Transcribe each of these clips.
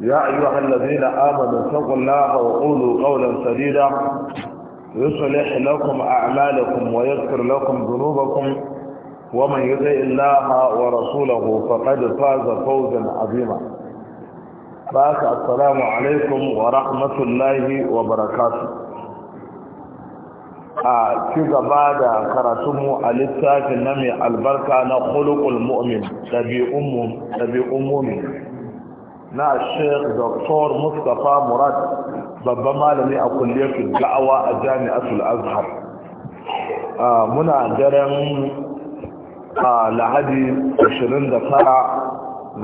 يا أيها الذين آمنوا اتقوا الله وقولوا قولا سديدا يصلح لكم أعمالكم ويغفر لكم ذنوبكم ومن يطع الله ورسوله فقد فاز فوزا عظيما باك السلام عليكم ورحمة الله وبركاته a ci gaba da karatunmu a littafin na mai albarka na kulukul mu'min ɗabi'un mu'min na sheikh Doktor mustapha murad babban malami a kulliyar da'awa a jami'atul azhar muna daren lahadi 29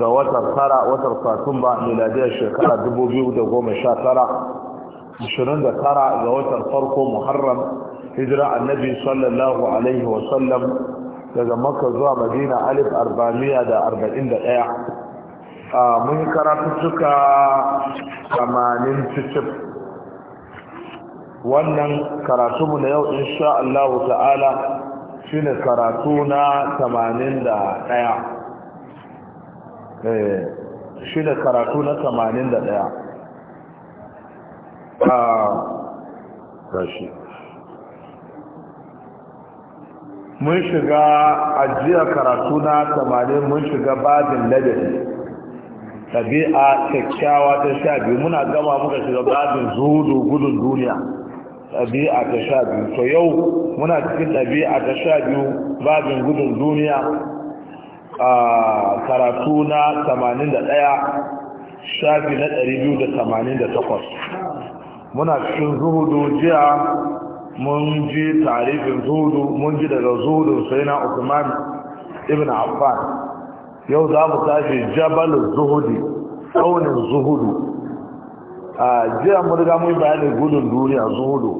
ga watar tara watar satumba miladiyar shekara 2019 29 ga watan farko muharram hijira annabi sallallahu alaihi wasallam daga maka zuwa madina alif arba'amiya da arba'in da ɗaya mun yi karatuttuka tamanin cikin wannan mu na yau insha Allah ta'ala shi ne karatu na tamanin da ɗaya eh, shi ne karatu na tamanin da ɗaya mun shiga ajiyar karatu na tamanin mun shiga babin ladabi tabi'a kyakkyawa ta sha biyu muna gama muka shiga babin zudu gudun duniya tabi'a ta sha biyu to yau muna cikin tabi'a ta sha biyu babin gudun duniya a karatu na 81 shafi na 288 muna cikin zuhudu jiya mun ji tarifin zuhudu mun ji daga zuhudun sai na usman ibn affan yau za mu tashi jabal zuhudi tsaunin zuhudu a jiya mu mai bayanin gudun duniya zuhudu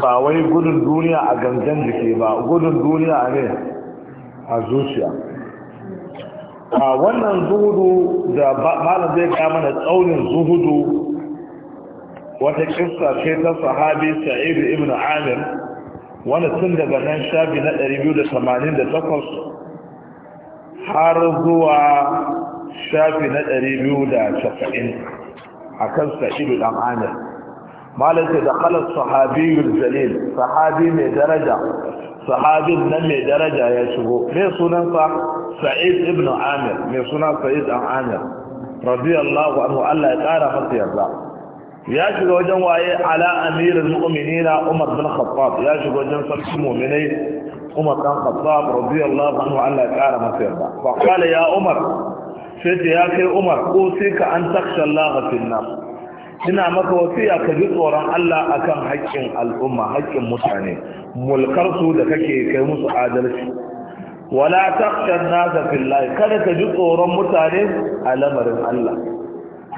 ba wai gudun duniya a gangan jiki ba gudun duniya ne a zuciya a wannan zuhudu da malam zai ga mana tsaunin zuhudu wata kissa ce ta sahabi sa'id ibn amir wani tun daga nan shafi na 288 har zuwa shafi na 290 akan sa'idu dan amir malaka da khalas sahabiyul jalil sahabi mai daraja sahabi nan mai daraja ya shigo mai sunan sa sa'id ibn amir mai sunan sa'id dan amir radiyallahu anhu Allah ya kara masa yarda ya shigo wajen waye ala amirul muminin umar bin khattab ya shigo wajen sarkin mu'minai umar dan khattab radiyallahu anhu Allah ya kara masa yarda fa qala ya umar sai ce ya kai umar ko sai ka an taksha Allah fil ina maka wasiya ka ji tsoron Allah akan haƙƙin al'umma haƙƙin mutane mulkar su da kake kai musu adalci wala taksha an-nas fil kada ka ji tsoron mutane a lamarin Allah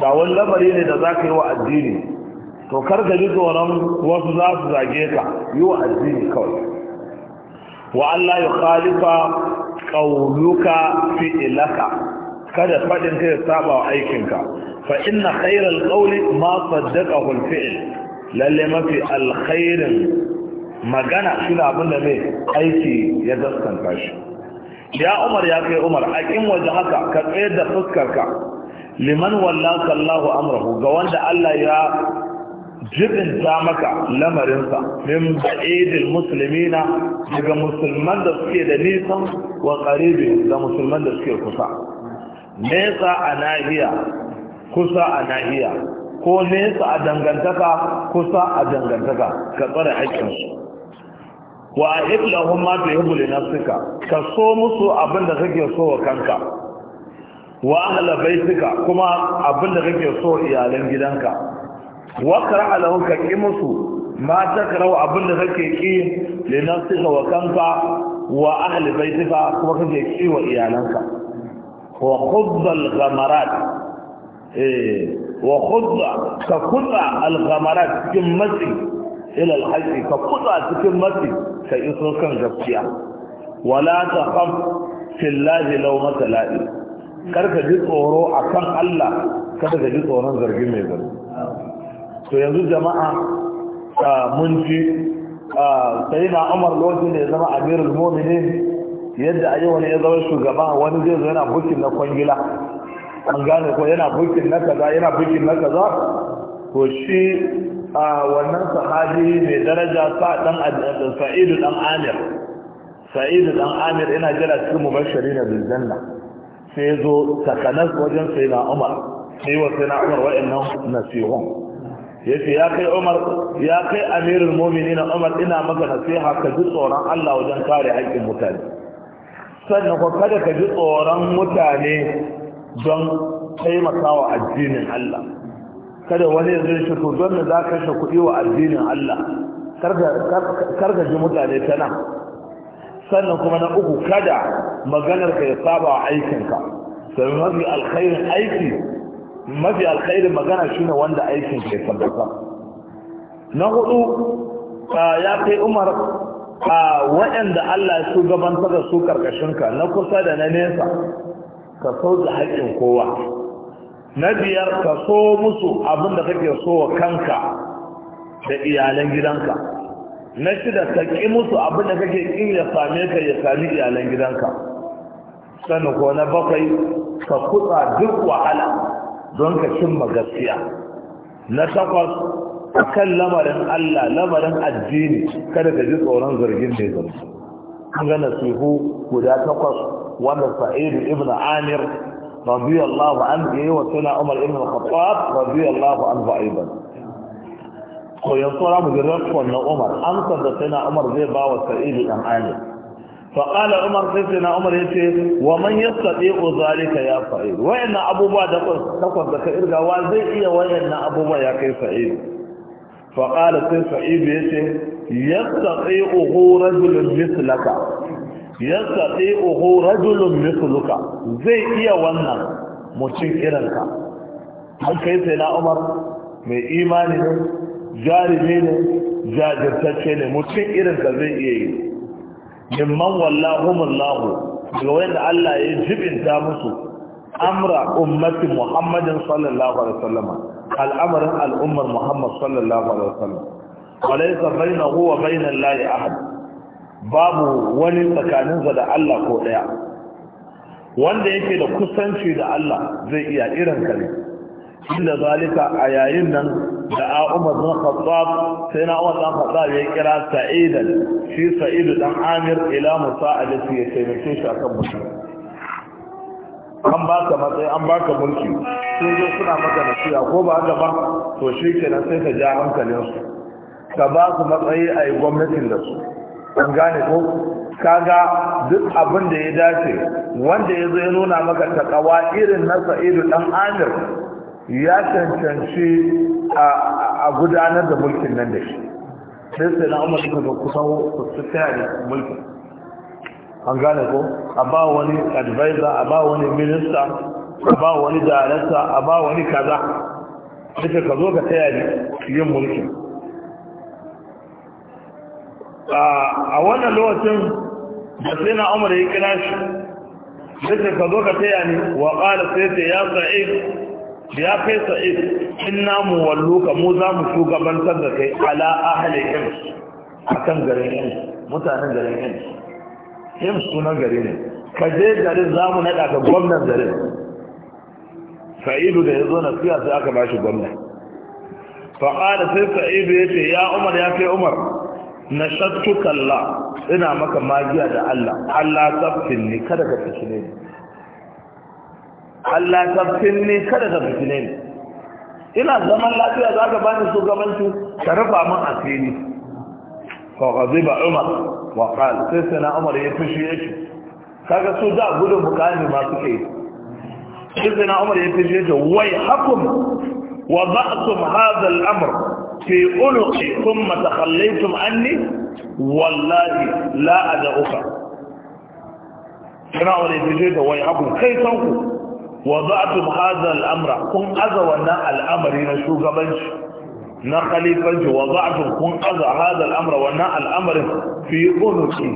ba wani lamari ne da ka yi wa addini to kar ka ji tsoron wasu za su zage ka yi wa addini kawai wa Allah ya khalifa qawluka fi'laka kada fadin ka ya saba wa aikinka fa ina khayral qawli ma saddaqahu al lalle mafi alkhairin magana shine abin da mai aiki ya daskanta shi ya umar ya kai umar aqim haka ka tsayar da fuskarka liman wallaka sallahu amrahu ga wanda Allah ya jibinta maka lamarinsa min ba'idil musulmina daga musulman da suke da nisan wa karibin da musulman da suke kusa nesa a nahiya kusa a nahiya ko nesa a dangantaka kusa a dangantaka ka tsara haƙƙinsu wa a iblahun ma ta yi bule nasuka ka so musu abin da kake so wa kanka wa ahalabai suka kuma abin da kake so iyalan gidanka wakra lahu ka ki musu ma takrau abin da kake ki linafsika wa kanka wa ahli baitika kuma kake ki wa iyalanka wa khudh eh, al ghamarat wa khudh ka khudha al ghamarat kin matsi ila al haqqi ka khudha cikin matsi ka iso kan gaskiya wala taqaf fillahi lawmata la'in karka ji tsoro akan Allah kada ka ji tsoron zargin mai zargi to yanzu jama'a mun ji sai na umar lokacin da ya zama amirul mominin yadda a yau ne ya zama shugaba wani zai zo yana bukin na kwangila an gane ko yana bukin na kaza yana bukin na kaza to shi a wannan sahabi mai daraja sa dan sa'idu dan amir sa'idu dan amir yana jira cikin mubashari na biljanna sai ya zo takanas wajen sai na umar sai wa sai na umar wa'annan nasihun ya ce ya kai umar ya kai amirul mominin umar ina maka nasiha ka ji tsoron allah wajen kare haƙƙin mutane sannan ko kada ka ji tsoron mutane don taimakawa addinin allah kada wani zai shi to don da za ka shi kuɗi wa addinin allah karka ji mutane ta nan sannan kuma na uku kada maganarka ya saba aikinka sai mafi alkhairin aiki mafi alkhairin magana shine wanda aikin ke tabbata na hudu ya kai umar waɗanda Allah ya shugabanta da su ka na kusa da na nesa ka so da haƙƙin kowa na biyar ka so musu abin kake so wa kanka da iyalan gidanka na shida ka ƙi musu abinda da kake ƙin ya same ka ya sami iyalan gidanka sannan ko na bakwai ka kutsa duk wahala don ka cimma gaskiya na takwas a kan lamarin Allah lamarin addini kada ka ji tsoron zargin da ya zama an ga nasihu guda takwas wanda sa'idu ibn amir radiyallahu an yayi wa suna umar ibn khattab radiyallahu an aidan ko yanzu ra mu ji rakon na umar amsar da suna umar zai ba wa sa'idu dan amir faƙala umar sai sai na umar ya ce wa man ya saɗe zalika ya fa'i, wayannan abubuwa da takwas da ka irgawa zai iya wayannan abubuwa ya kai sa'id faƙala sai sa'id ya ce ya saɗe uhu rajulun mislaka ya saɗe uhu rajulun misluka zai iya wannan mutum irinka an kai sai na umar mai imani ne jarumi ne jajirtacce ne mutum irinka zai iya yi mimman wallahumullahu daga wanda Allah ya jibinta musu amra ummati Muhammadin sallallahu alaihi wasallam al'amarin al'ummar Muhammad sallallahu alaihi wasallam walaysa bainahu wa bainal lahi ahad babu wani tsakaninsa da Allah ko daya wanda yake da kusanci da Allah zai iya irin kare inda zalika a yayin nan da umar bin khattab sai na umar dan khattab ya kira sa'idan shi sa'idu dan amir ila musa'adati ya taimake shi akan mutum an ba ka matsayi an ba ka mulki sun zo suna maka na nasiha ko ba haka ba to shi ke kenan sai ka ja su. ka ba su matsayi a yi gwamnatin da su an gane ko kaga duk abin da ya dace wanda ya zo ya nuna maka takawa irin na sa'idu dan amir ya cancanci a gudanar da mulkin nan da shi sai sai na umar suka zo kusan su tare mulkin an gane ko a ba wani advisor a ba wani minista a ba wani darakta a ba wani kaza suka ka zo ka taya yin mulkin a wannan lokacin da sai na umar ya kira shi sai ka zo ka taya ni wa ƙala sai ta ya ya fesa in namu wallo ka mu za mu shugabantar da kai ala ahalin hims a kan garin hims mutanen garin hims hims sunan gari ne ka je garin za mu naɗa ka gwamnan garin sa'idu da ya zo na siya sai aka bashi gwamna faƙada sai sa'idu ya ce ya umar ya kai umar na shattu kalla ina maka magiya da allah allah tsaftin ne kada ka fice ne Allah tafsin ne kada ka fitine ina zaman lafiya za ka bani shugabanci ka rufa min asiri fa ghadiba umar wa qala sai umar ya fushi yake kaga su da gudun mukami ma suke yi umar ya fushi yake wai hakum wa hadha al-amr في أنقي ثم تخليتم عني والله لا أدعوك هنا wa za'atum hadha al-amra kun aza wannan al'amari na shugabanci na khalifanci wa za'atum kun aza hadha al wannan al'amarin fi unuqi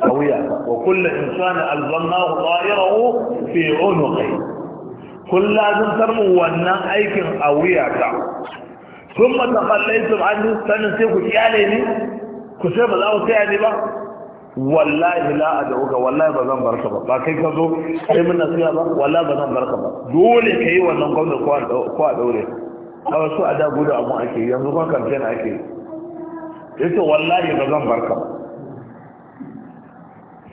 wa kullu insani al-dhannahu dha'irahu fi unuqi kun lazim tarmu wannan aikin awiya ka kun mata kallaitum sai ku iyale ne ku sai ba za ku tsaya ne ba wallahi la a da'uka wallahi ba zan barka ba ba kai ka zo sai mun nasiha ba wallahi ba zan barka ba dole ka yi wannan gwamna ko a daure a wasu a da gudu abun ake yanzu kuma kamfen ake ita wallahi ba zan barka ba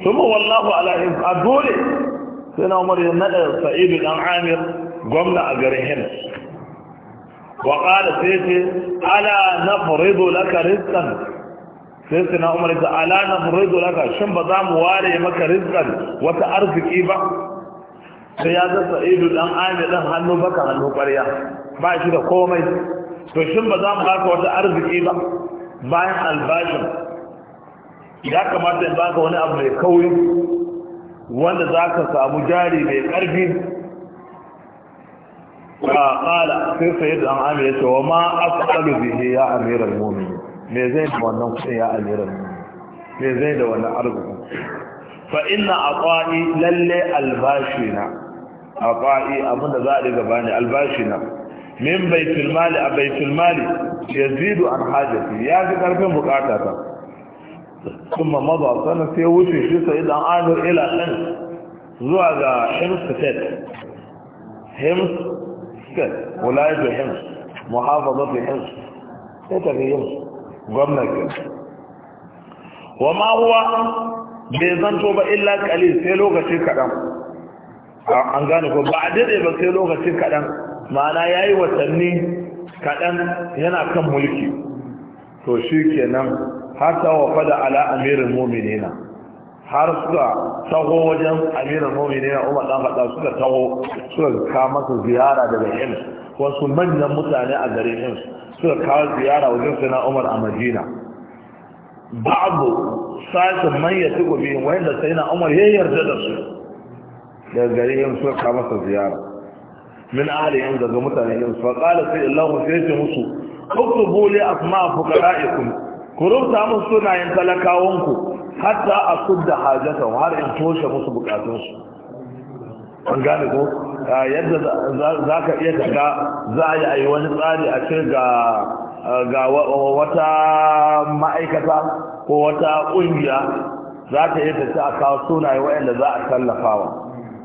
suma wallahu ala'in a dole sai na umar ya naɗa sa'idu Dan amir gwamna a garin hin wa ƙada sai ala na farido laka riskan sai sai na umar ta Alana na muraido laka shin ba za mu ware maka rizqan wata arziki ba sai ya zasa Sa'idu dan ami dan hannu baka hannu ƙwarya ba shi da komai to shin ba za mu baka wata arziki ba bayan albashin ya kamata in baka wani abu mai kauri wanda za ka samu jari mai ƙarfi an كيف يدعى ma a أفعل به ya أمير المؤمنين me zai da wannan kuɗin ya amiran me zai da wannan arziki fa inna aqa'i lalle albashina aqa'i abinda za a riga bani albashina min baitul mali a baitul mali yazidu an hajati ya fi karfin bukata ta kuma maza sana sai wuce shi sai idan amir ila ɗan zuwa ga hemstead hemstead wula ya fi hems muhafaza fi hems sai tafi hems gwamnati wa ma huwa bai zanto ba illa kalil sai lokaci kaɗan an gane ko ba a daɗe ba sai lokaci kaɗan ma'ana ya yi watanni kaɗan yana kan mulki to shi kenan ta wafa fada ala amirin muminina har suka taho wajen amirin muminina umar ɗan faɗa suka taho suka kama su ziyara daga hims wasu manyan mutane a gare shi suka kawo ziyara wajen suna umar a madina babu sashen manya tuku biyun wanda sai na umar ya yarda da su daga gare yin suka kawo masa ziyara min ahli yin daga mutane yin su faƙala sai illahu sai ce musu uktubu li asma'a fuqara'ikum ku rubuta musu sunayen talakawanku hatta asudda da har in toshe musu bukatunsu an gane ko yadda za ka iya shiga za a yi wani tsari a ce ga wata ma'aikata ko wata ƙungiya za ta iya tafi a kawo sunaye waɗanda za a tallafawa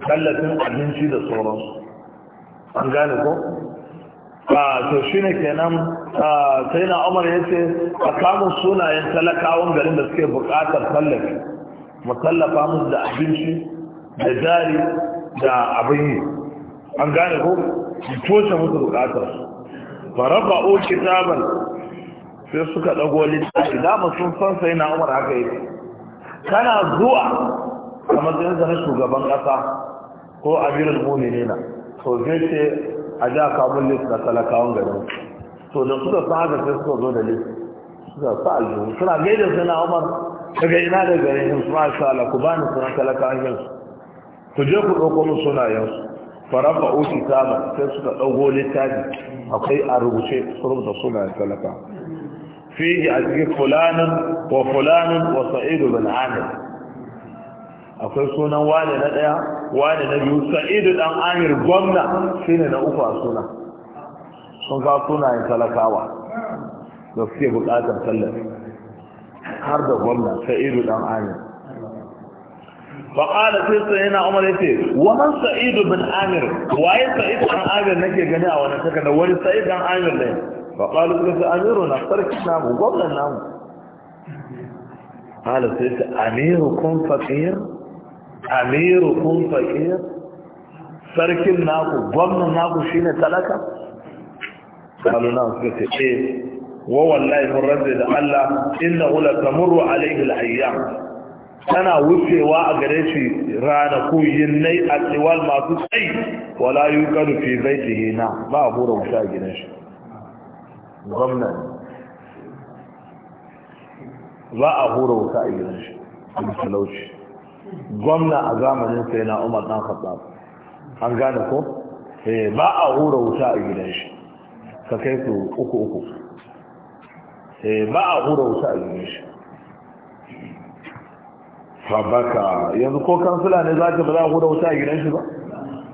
tallafin abinci da sauransu an gane ko? to shi ne kenan sai na umar ya ce a kamun sunayen talakawan garin da suke buƙatar tallafi mu tallafa musu da abinci da jari da abin yi an gane ko su toshe musu bukatar faraba o kitaban sai suka dago littafi dama sun san sai na umar haka yi kana zuwa a matsayin na shugaban kasa ko ne na to zai ce a ja kamun list na talakawan garin to da suka sa haka sai suka zo da list suka sa aljihu suna gaida sai na umar daga ina da garin su ma sha Allah ku bani sunan talakawan yansu ku je ku ɗauko musu sunayensu farafa oshi sama sai suka ɗago littafi akwai a rubuce rubuta sunayen talaka fiye a cikin fulanin wa fulanin wa sa'idu bin amir akwai sunan wane na ɗaya wane na biyu sa'idu ɗan amir gwamna shi na uku a suna sun ga sunayen talakawa da suke buƙatar tallafi har da gwamna sa'idu ɗan amir faƙada sai na umar yace waman sa'id bin amir waye sa'id bin amir nake gani a wannan takarda wani sa'id bin amir ne faƙalu sai amiru na sarki namu gwamnan namu qala sai amiru kun faqir amiru kun faqir sarkin naku gwamnan naku shine talaka qalu na sai sai eh wa wallahi mun da Allah inna la tamurru alayhi al-ayyam tana wucewa a gare shi yin nai a tsiwal masu tsayi wala yi kanu fi zai tihina ba a bura wuta a gidan shi gwamnan ba a hura wuta a gidan shi a talauci gwamna a zamanin sai na umar dan khattab an gane ko eh, ba a hura wuta a gidan shi ka kai su uku uku eh, ba a hura wuta a gidan shi fabaka yanzu ko kansila ne za ka ba za a huda wuta a gidan shi ba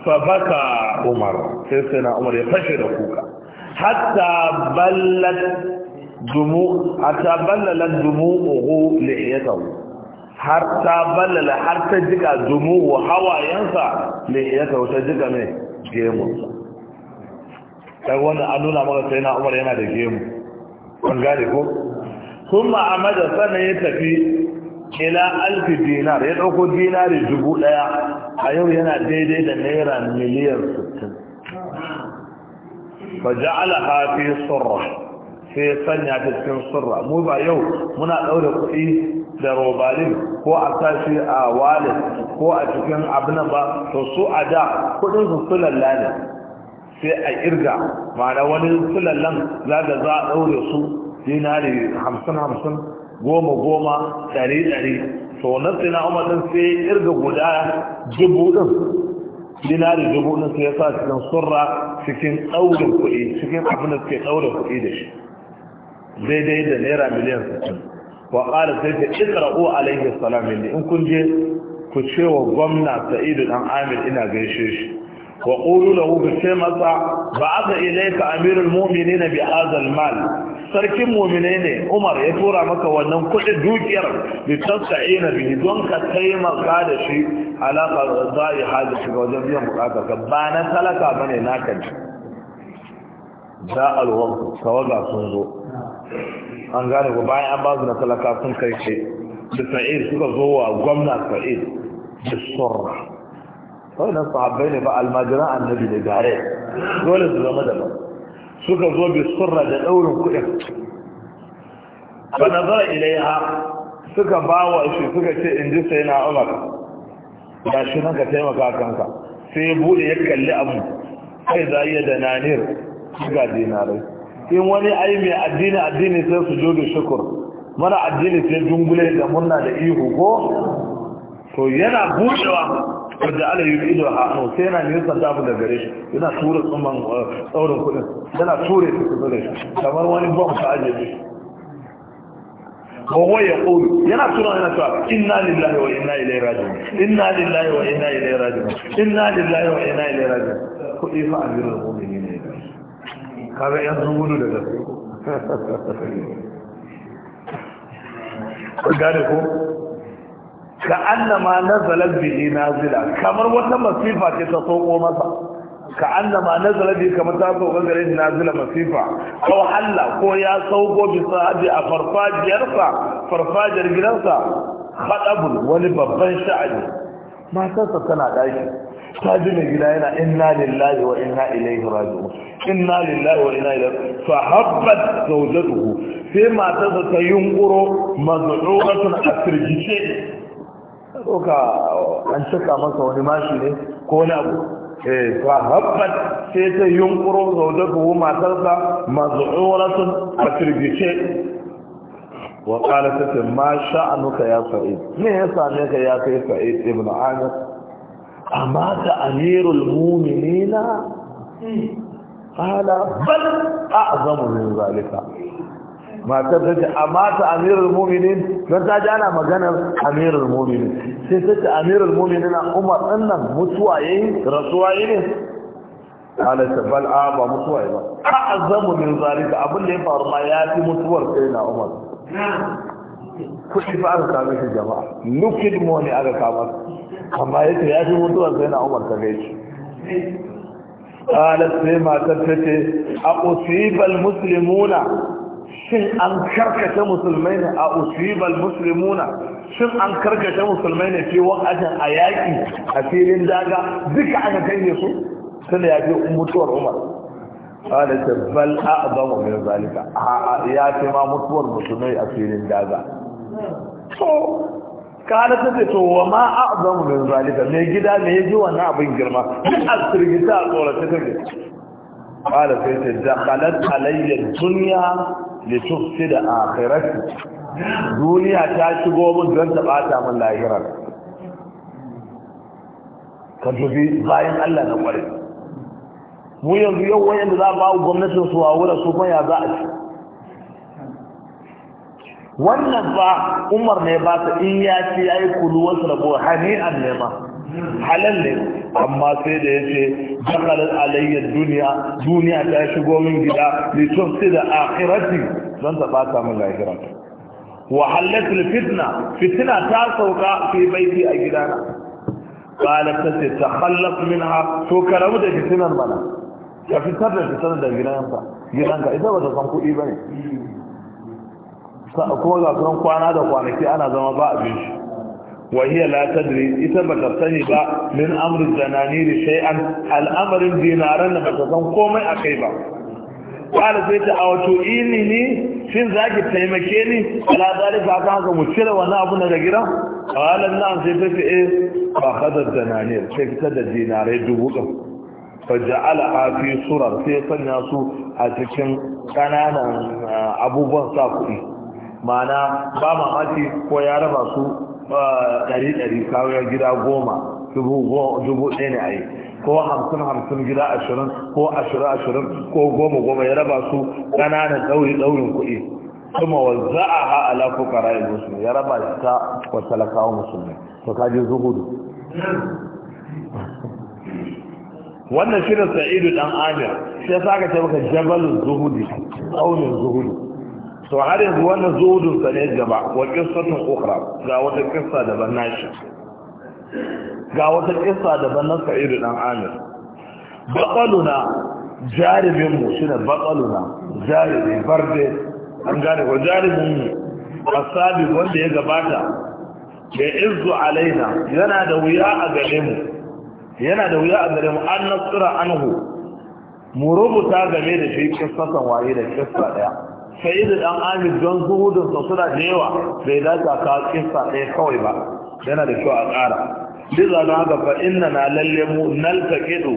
fabaka umar sai sai na umar ya fashe da kuka hatta ballat dumu hatta ballalan dumu uhu lihiyatahu har ta ballala har ta jika dumu wa hawayensa lihiyatahu ta jika ne Gemu. kai wannan an nuna maka sai na umar yana da gemu kun gane ko kuma amada sanan ya tafi ila alfi dinar ya dauko dinari dubu daya a yau yana daidai da naira miliyan 60 fa ja'alaha fi surra sai sanya cikin surra mu ba yau muna daura kuɗi da robalin ko a sashi a wallet ko a cikin abuna ba to su a da kuɗin su sulalla ne sai a irga da wani sulallan za ga za a daure su dinari hamsin hamsin goma goma dari dari to na tsina umar sai irga guda dubu din dinari dubu din sai ya sa cikin surra cikin ɗaurin kuɗi cikin abin da suke ɗaurin kuɗi da shi daidai da naira miliyan sittin wa ƙara sai ta ikra'u alayhi salam in kun je ku cewa gwamna sa'idu dan amir ina gaishe shi wa qulu lahu bi shemasa ba'atha ilayka amirul mu'minin bi hadha al sarkin muminai ne Umar ya tura maka wannan kuɗin dukiyar bi tasa'ina bi don ka taimaka da shi ala qada'i hajati ga wajen biyan bukata ka ba na talaka sun zo an gane ku bayan an bazu na talaka sun kai shi da sa'id suka zo wa gwamna sa'id da surra wannan sahabbai ne ba almajiran annabi ne gare dole su zama da ba suka zo bi surra da daurin kuɗin ba nazara ilaiha suka ba wa shi suka ce in ji sai na umar ba shi nan ka taimaka kanka sai bude ya kalli abu kai za iya da nanir ga dinarai in wani ai mai addini addini sai su jodo shukur mara addini sai dungule da murna da ihu ko to yana budewa wadda ala yi ido a hannu sai yana nisan damu da gare shi yana tura tsumman uh, tsaurin kudin yana ture su su da shi kamar wani bom ta ajiye shi kawai ya ƙoru yana tura yana cewa inna lillahi wa inna ilai rajin inna lillahi wa inna ilai rajin inna lillahi wa inna ilai rajin kuɗi fa an jirar mumini ne kaga yan sun gudu da gaske gane ko ka annama nazalat bihi nazila kamar wata masifa ce ta soko masa ka annama nazalat bihi kamar ta soko gare shi nazila masifa ko Allah ko ya sauko bisa sahabi a farfajiyarsa farfajiyar gidansa khadabul wani babban sha'ani matarsa tana ɗaki. ta ji mai gida yana inna lillahi wa inna ilaihi raji'un inna lillahi wa inna ilaihi fa habbat zawjatuhu sai matarsa ta yunƙuro yunkuro a firgice. ɗauka an cika masa wani mashi ne ko wani abu eh fa habbat sai ta yunkuro zaujatuhu matarsa maz'uratun atribute wa qala ta ma sha'anuka ya sa'id me ya same ka ya kai sa'id ibn anas amma ta amirul mu'minina qala bal a'zamu min zalika matar ta ce amma ta amirul muminin don ta ji ana maganar amirul muminin sai ta ce amirul muminin na umar ɗannan mutuwa ya yi rasuwa ya ne halatta bal'a ba mutuwa ya ba ka azamu min zalika abin da ya faru ma ya fi mutuwar sai na umar kuɗi fa aka kame shi jama'a lukid money aka kama amma yake ya fi mutuwar sai na umar ka gaishe ta ce a أقصيب المسلمون shin an karkata musulmai ne a usibar musulmuna? shin an karkata musulmai ne fi wa'ajan a yaƙi a filin daga duka aka kai su tunda ya fi mutuwar umar قال بل أعظم من ذلك يا ما مطور مسلمي أسير داغا قال تتي وما أعظم من ذلك من جدا من يجي وانا أبن جرما أسر جدا قولة تتي قال تتي دخلت علي duniya. litufsi da akhirati duniya ta shigo mun don ta bata mun lahirar ka dubi bayan Allah na kware mu yanzu yau da za ba wa gwamnatin su wawura su kuma za a ci wannan ba umar ne ba ta in ya ce ya yi kulu wasu ne halal ne amma sai da ya ce dakalar alayyar duniya duniya ta shigo min gida litun su da akhirati don ta bata min lahira wa halatul fitna fitina ta sauka fi baiti a gidana qala ta ce takhallaf minha to karamu da fitinar mana ka fitar da fitinar da gidanka gidanka ita ba ta san kuɗi bane kuma ga kwana da kwanaki ana zama ba abin shi وهي لا تدري إذا بكتني با من أمر الزنانير شيئا الأمر دينارا بكتن كومي أكيبا قال سيدة أوتو إنني شين ذاك تيمكيني على ذلك أعطاك مشكلة وانا أبونا لقرا قال النعم سيدة إيه فأخذ الزنانير شيك تدى ديناري دبوكا فجعلها في صورة سيطن ياسو أتكن كانانا أبو بان ساقوي معنى با mamaki ko ya raba su ɗari ɗari kawo gida goma dubu ɗaya ne a yi ko hamsin hamsin gida ashirin ko ashirin ashirin ko goma goma ya raba su ƙananan ɗauri ɗaurin kuɗi kuma wa za a ha ala fukara ya musulmi ya raba ta wa talakawa musulmi to ka ji zuhudu wannan shirin sa'idu dan amir shi ya sa ka ce maka jabalin zuhudi tsaunin zuhudu to har yanzu wannan zuhudun sa ne gaba wa qissatun ukhra ga wata da ban nashi ga wata da ban na Sa'id dan Amir baqaluna jaribin mu shine baqaluna jaribi barde an gane ko jaribin mu asabi wanda ya gabata ya izu alaina yana da wuya a gare mu yana da wuya a gare mu an nasira anhu mu rubuta game da shi kissasan waye da kissa daya sai da dan amir don zuhudun sa suna da yawa bai dace ka kissa ɗaya kawai ba yana da kyau a ƙara duk da haka fa inna na lalle mu nalka kidu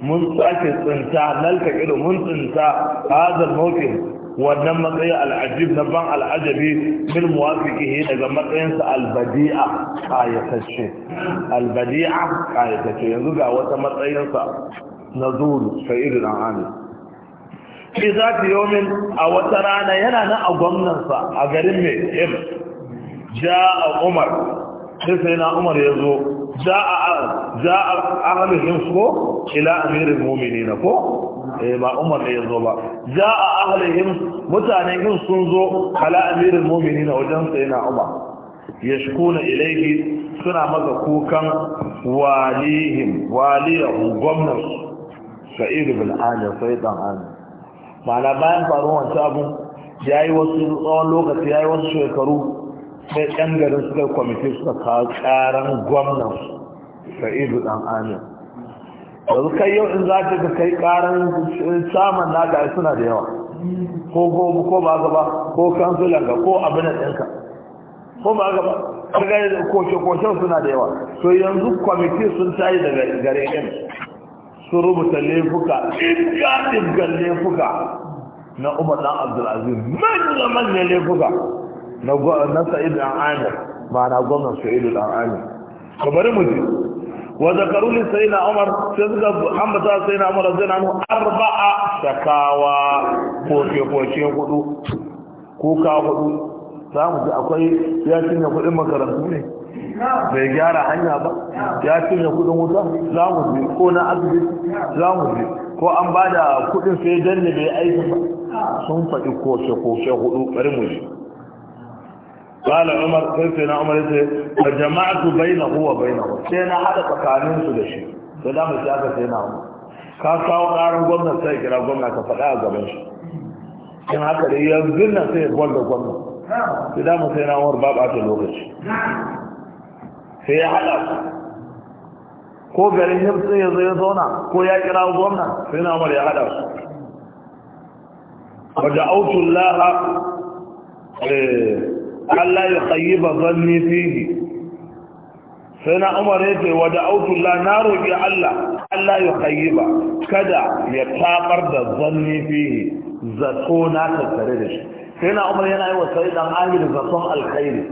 mun sake tsinta nalka kidu mun tsinta hazal mawqif wannan matsayin al'ajib na ban al'ajabi min muwafiqihi daga matsayinsa albadi'a kayatacce albadi'a kayatacce yanzu ga wata matsayinsa na zuru sai irin an fi za fi yomin a wata rana yana na a gwamnansa a garin mai im ja a umar sai sai na umar ya zo ja a ahalin ko ila amirin momini na ko eh, ba umar ne ya zo ba ja a ahalihim mutanen yin sun zo kala amirin momini na wajen sai na umar ya na ilaihi suna maza kukan walihim waliyahu gwamnan Sa'idu bin sai dan alim ma'ana bayan faruwa wancan abin ya yi wasu tsawon lokaci ya yi wasu shekaru sai ɗan garin suka kwamiti suka kawo ƙaran gwamnan sa'idu ɗan amin yanzu kai yau in za ka kai ƙaran saman ga suna da yawa ko gobe ko ba gaba ko kansulan ga ko abin ɗinka ko ba gaba kaga koshe-koshen suna da yawa to yanzu kwamiti sun tayi daga gare ɗin sun rubuta laifuka ɗinga-ɗingan laifuka na umar ɗan abdulaziz manya-manyan laifuka na sa'id ɗan amir ba na gwamnan sa'id ɗan amir ka bari mu ji wa zakaru ne sai na umar sai suka ambata sai na umar zai na arba'a shakawa koke-koke hudu kuka hudu za mu ji akwai ya cinye makarantu ne bai gyara hanya ba ya cinye kudin wuta za mu bi ko na asibiti za mu bi ko an ba da kudin sai danne bai aiki ba sun faɗi koke-koke hudu bari mu je bai na huwa bai na huwa sai na haɗa tsakanin su da shi da da mu sai na Umar ka kawo ƙarin gwamnati sai kira gwamnati ka faɗa a gaban shi in haka da yanzu nan sai gwamnati gwamnati Sai da mu sai na Umar ba ba ta lokaci sai ya hada su ko garin himsa ya zai zauna ko ya kira gwamna sai na umar ya hada su wadda autun laha eh, Allah ya tsayi ba zanni fiye sai na umar ya ce wadda autun la na roƙi Allah Allah ya tsayi ba kada ya taɓar da zanni fiye zato na tattare da shi sai na umar yana yi wa sai dan ahir zaton alkhairi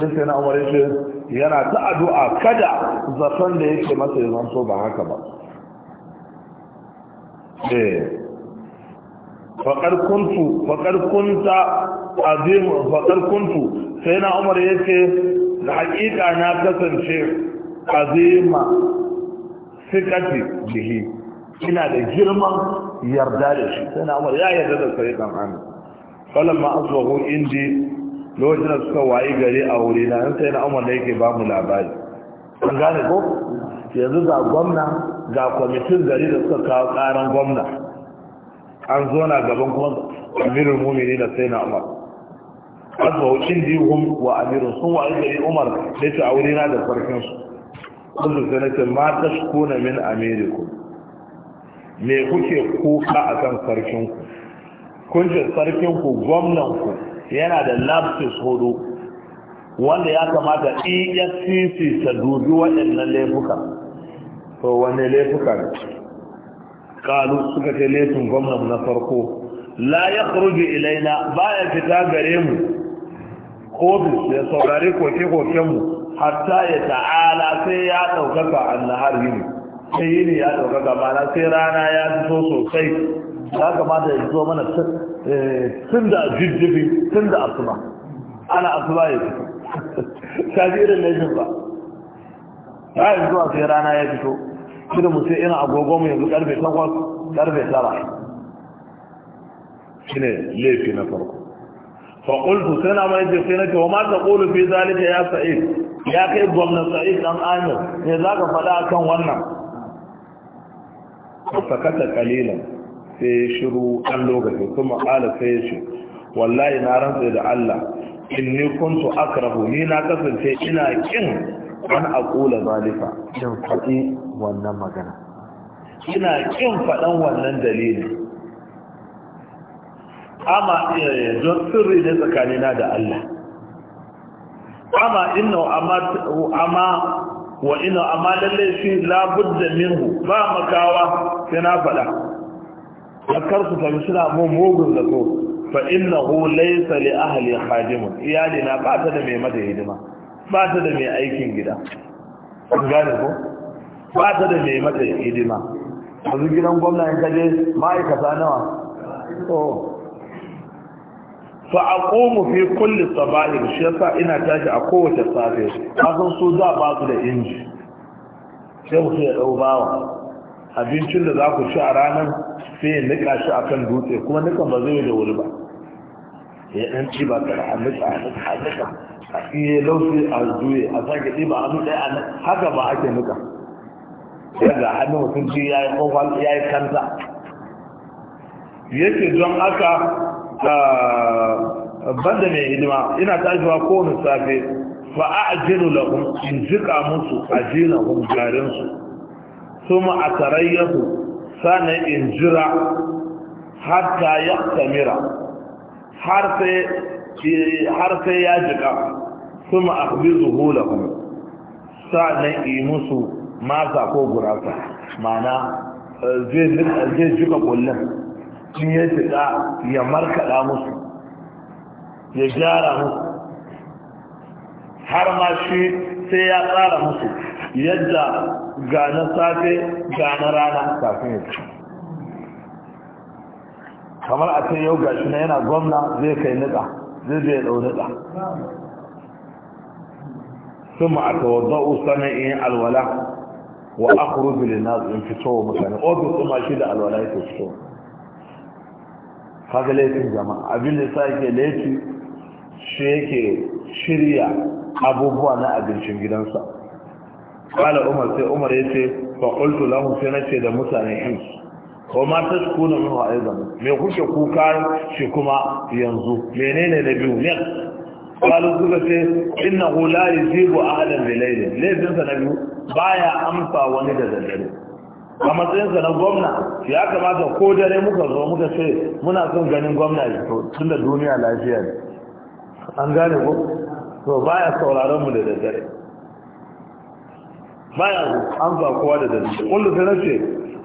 duk sai na umar ya ce yana ta addu'a kada zaton da yake masa ya zanto ba haka ba eh faƙar kuntu faƙar kunta azim faƙar kuntu sai na umar ya ce da haƙiƙa na kasance azima sikati bihi ina da girman yarda da shi sai na umar ya yarda da sai kan hannu falamma asbahu indi lokacin da suka wayi gari a wuri na yanta sai na umar da yake bamu labari an gane ko yanzu ga gwamna ga kwamitin gari da suka kawo karan gwamna an zo na gaban kuma amirin mumini da sai na umar azuwa dihun wa amirin sun wayi gari umar da ta a wuri na da farkinsu wanda sai na ce ma ta shukuna min amerikum me kuke kuka akan sarkinku kun ce farkinku gwamnanku yana da lapsus hudu wanda ya kamata efcc ta dubi waɗannan laifuka to wanne laifuka ne kalu suka ce laifin gwamnan na farko la ya kurji ilaina ya fita gare mu ofis ya saurari koke mu. hatta ya ta'ala sai ya ɗaukaka an na har ne. sai yini ya ɗaukaka mana sai rana ya fito sosai ya kamata ya zo mana Eh, tun da jijjibi, tun da asuba ana asuba ya fito shafi irin laifin ba Ya yanzu zuwa sai rana ya fito Shirin mu musu ina agogo mu yanzu karfe takwas karfe tara shi ne laifi na farko faƙultu sai na mai jefe na cewa wa ta ƙulu fi zalika ya sa'i ya kai gwamnan sa'i ɗan amir ne za ka faɗa kan wannan ka sakata kalilan sai ya shiru ɗan lokaci kuma ƙala sai ya ce wallahi na rantse da Allah in ni kuntu akrahu ni na kasance ina kin an aqula zalika in faɗi wannan magana ina kin faɗan wannan dalili amma yanzu eh, sirri ne tsakanina da Allah amma inna amma wa inna amma lalle shi labudda minhu ba makawa sai na faɗa kar su tafi suna mun mugun zato fa innahu laysa li ahli khadimun iyali na ba ta da mai mata hidima ba ta da mai aikin gida kun gane ko ba ta da mai mata hidima yanzu gidan gwamnati in je ma'aikata nawa to fa aqumu fi kulli sabahir shi yasa ina tashi a kowace safe kasan su za ba su da inji sai mutum ya dau bawa abincin da za ku ci a ranar sai ya nika shi a kan dutse kuma nikan ba zai da wuri ba ya ɗan ci ba kar a nika a nika a nika a iya lausi a zuye a sake ɗiba a nika a nika, haka ba ake nika daga hannun mutum ci ya yi kofar ya yi kanta yake don haka banda mai hidima ina tashiwa kowane safe ajiyar lahum in jika musu ajinahum jarinsu kuma a tarayyasu sannan in jira hatta ya samira har sai ya jika kuma a bi zuhula kuma sannan yi musu masa ko gurasa mana zai jika kullum in ya jika ya markaɗa musu ya gyara musu har ma shi sai ya tsara musu yadda ga safe ga rana kafin ya ci kamar a yau ga shi na yana gwamna zai kai nika zai zai ɗau nika sun ma aka wadda usanin iya alwala wa akuru bilin na in fito wa mutane ofis kuma shi da alwala yake fito kaga laifin jama'a abin da sa yake laifi shi yake shirya abubuwa na abincin gidansa kala umar sai umar ya ce fa qultu lahum sai na ce da mutane in ko ma tashkuna min wa aidan me kuke kuka shi kuma yanzu menene na biyu ne kalu suka ce inna la yuzibu ahadan bi layl laifin sa na biyu baya amsa wani da daddare a matsayinsa na gwamna ya kamata ko dare muka zo muka ce muna son ganin gwamna ya to tunda duniya lafiya ne an gane ko to baya sauraron mu da daddare baya an ba kowa da dalili kullu sai nace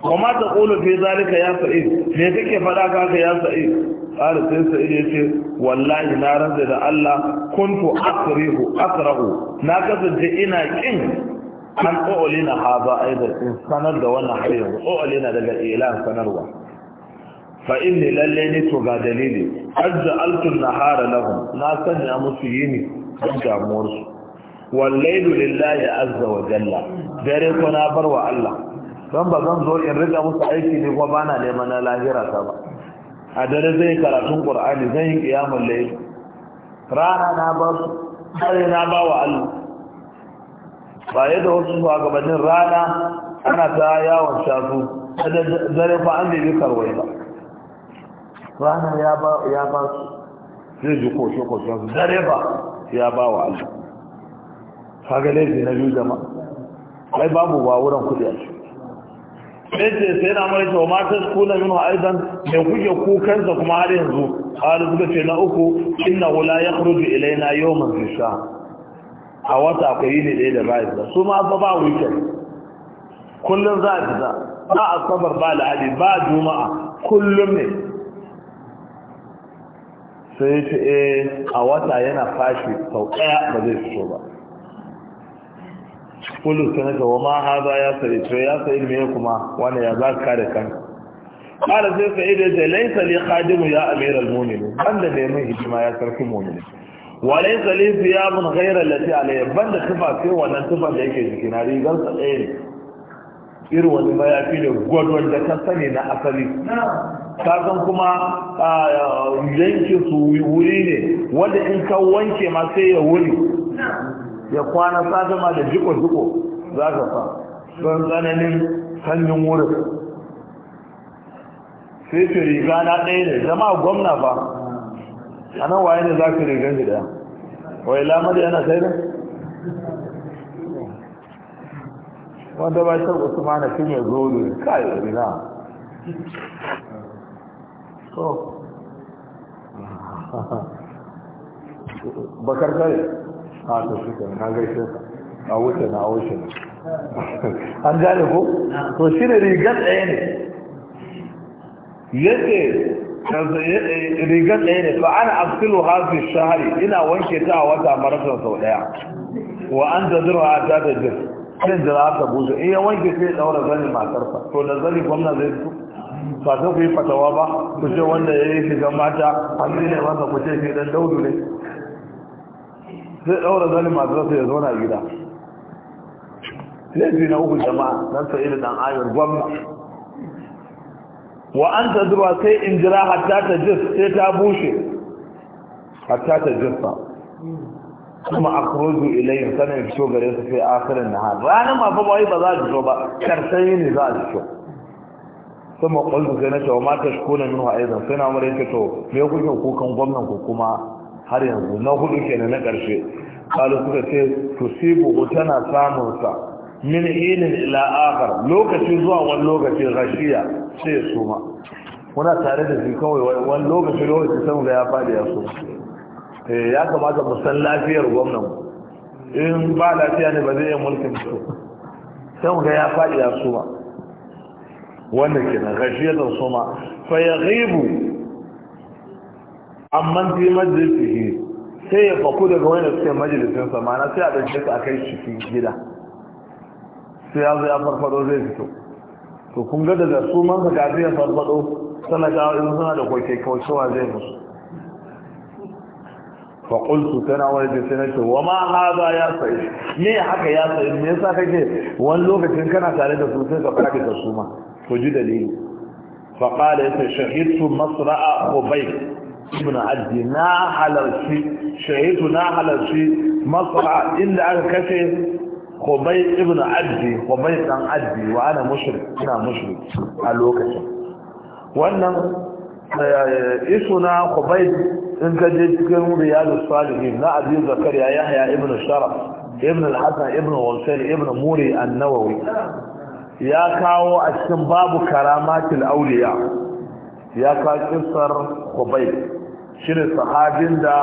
kuma ta qulu fi zalika ya sa'id me kake fada ka ka ya sa'id qala sai sa'id yace wallahi na ranza da Allah kuntu akrihu akrahu na kasance ina kin an ƙo'olina ha ba in sanar da wannan har yanzu daga ilan sanarwa fa inni lalle ne to ga dalili hajja altun nahara lahum na sanya musu yini don damuwarsu wallailu lillahi azza wa jalla dare ko na bar wa Allah don ba zan zo in riga musu aiki ne kuma bana neman na lahira ta ba a dare zai karatun qur'ani zan yi qiyamul layl rana na ba su dare na ba wa Allah ba yadda wasu shugabannin rana ana ta yawon shafu dare fa an bai karwai ba rana ya ba su zai ji koshe koshe su. dare ba ya ba wa Allah kaga laifi na biyu jama ai babu ba wurin kudi a ciki sai ce sai na mai cewa mata kuna yin aidan mai kuke kukansa kuma har yanzu ƙwari suka ce na uku inna wula ya kurudu ilaina yau man sha a wata akwai ne ɗaya da bayan da su ma ba ba weekend kullum za a fita ba a sabar ba lahadi ba juma'a kullum ne sai ce eh, a wata yana fashi sau ɗaya ba zai fito ba kullu sai ga wa ma haza ya sai to ya sai ya kuma wani ya za ka da kanka qala sai sai da ce li khadimu ya amir al mu'minin banda ne mai hijima ya sarki mu'minin wa laisa li thiyabun ghayra allati alayhi banda tufa sai wannan tufa da yake jiki na rigar sa ɗaya ne irin wani mayafi da gwadon da ka sani na asali Ta san kuma yankin su wuri ne wanda in ka wanke ma sai ya wuri ya kwana sadama da jiko-jiko za ka fa don tsananin sanyin wurin sai ce riga na ɗaya ne zama gwamna ba a nan waye ne za ka rigar gida wai lamar yana sai ne wanda ba shi ma na mai zo ne kai rina so bakar kare a ah, to shi na gaishe a wuce na wuce ne an gane ko to shi ne rigar ɗaya ne yake eh, rigar ɗaya ne to ana absilu hafi shahari ina wanke ta a wata marasa sau ɗaya wa an zaziru a ta da jir ɗin da za ta buzo in ya wanke sai ɗaura zani matarsa to da zani gwamna zai su ba ta ku yi fatawa ba ku ce wanda ya yi shiga mata an zai ne masa ku ce shi ɗan daudu ne zai daura zalim madrasa ya zauna gida laifi na uku jama'a dan sai da dan ayar gwamna wa an tadruwa sai in jira hatta ta jis sai ta bushe hatta ta jissa kuma a akhruju ilayhi sanan fito gare su sai akhirin nahar ranan ma fa bai ba za ta zo ba karsai ne za ta fito kuma kullu sai na ce wa ma tashkuna minhu aidan sai na mura yake to me kuke kukan gwamnan ku kuma har yanzu na hudu kenan na ƙarshe kalu suka ce tusibu tana samun sa min ilin ila akhar lokaci zuwa wani lokacin rashiya sai suma muna tare da shi kawai wani lokaci lokaci san ga ya fadi ya suma eh ya kamata mu san lafiyar gwamnan in ba lafiya ne ba zai yi mulkin su san ga ya fadi ya suma wannan kenan rashiyatan suma fa yaghibu amma fi majalisihi sai ya faku daga wani suke majalisinsa mana sai a ɗauke su a kai cikin gida sai ya zo ya farfado zai fito to kun ga daga su man ka gafi ya farfado sana ta in suna da kwake cewa zai musu fa tana wani wa sai na ce wa ma hada ya sai me haka ya sayi? me yasa kake wani lokacin kana tare da su sai ka fara da su ma to ji dalili fa qala ya shahidtu masra'a ubayk ibn abdi na halarci shahidu na halarci masara inda aka kashe kubai ibn addi, kubai dan addi, wa ana mushrik ina mushrik a lokacin wannan eh, isuna kubai in ka je cikin riyadu salihin na abi zakariya yahya ibn sharaf ibn al-hasan ibn husayn ibn muri an-nawawi ya kawo a cikin babu karamatul auliya ya kawo kissar kubai shirin ne da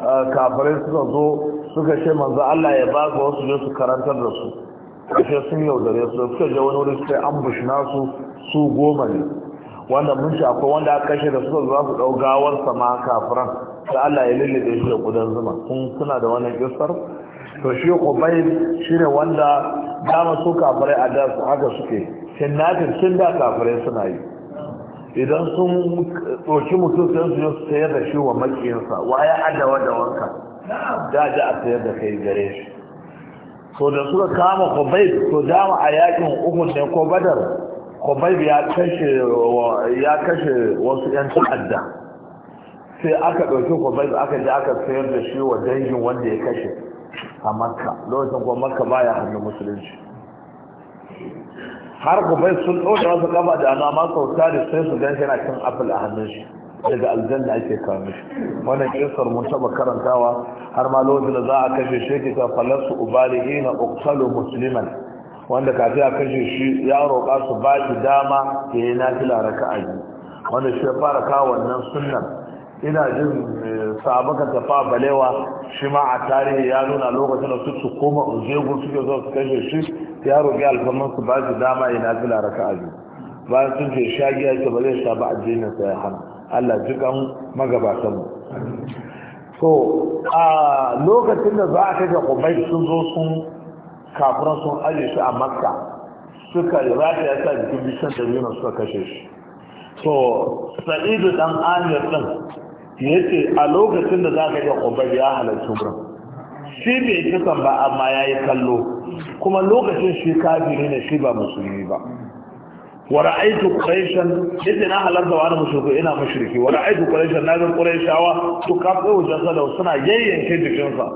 uh, kafirai suka zo suka ce manzo Allah ya ba ga wasu su karantar da su kashe sun yaudare su suka je wani wuri sai an bushina su goma ne wanda mun ci akwai wanda aka kashe da suka za su dau gawar sama kafiran da Allah ya lullube shi da kudan zuma kun suna da wannan kissar to shi Ubayd shine wanda dama su kafirai a da su haka suke tun da kafirai suna yi idan sun ɗauki mutum sai su yi sayar da shi wa makiyinsa wa ya adawa da wanka da da a sayar da kai gare shi so da suka kama kubaib to dama a yakin uku ne ko badar kubaib ya kashe wasu yan ta'adda sai aka ɗauki kubaib aka ji aka sayar da shi wa dangin wanda ya kashe a makka lokacin kuma makka baya hannun musulunci har bai sun ɗauke masa kafa da ana ma sauta da sai su gan yana kan apple a hannun shi daga aljanna ake kawo shi wannan kisar mun taɓa karantawa har ma lokacin da za a kashe shi ke ta falasu ubalihi na uktalu musliman wanda kafin a kashe shi ya roƙa su ba shi dama ya yi nafila raka'a wanda shi ya fara kawo wannan sunnan ina jin eh, sabaka tafa balewa shi ma a tarihi ya nuna lokacin da su su koma uzegun suke zo su kashe shi ya roƙi alfaman su ba su dama ina fila raka a biyu bayan sun ce shagi ya ba zai sha ba addinin sa ya hana Allah jikan magabatan mu so a lokacin da za a kashe kubai sun zo sun kafuran sun aje shi a makka suka rata ya sa jikin bishan da suka kashe shi so sa'idu dan amir din Ya ce a lokacin da zaka ga kubar ya halarci wurin shi bai kisan ba amma ya yi kallo kuma lokacin shi kafiri ne shi ba musulmi ba aiki ra'aytu ya ce na halarta wa mushriki ina mushriki wa aiki quraishan na ga quraishawa to kafa wajen sadau suna yayyanke jikinsa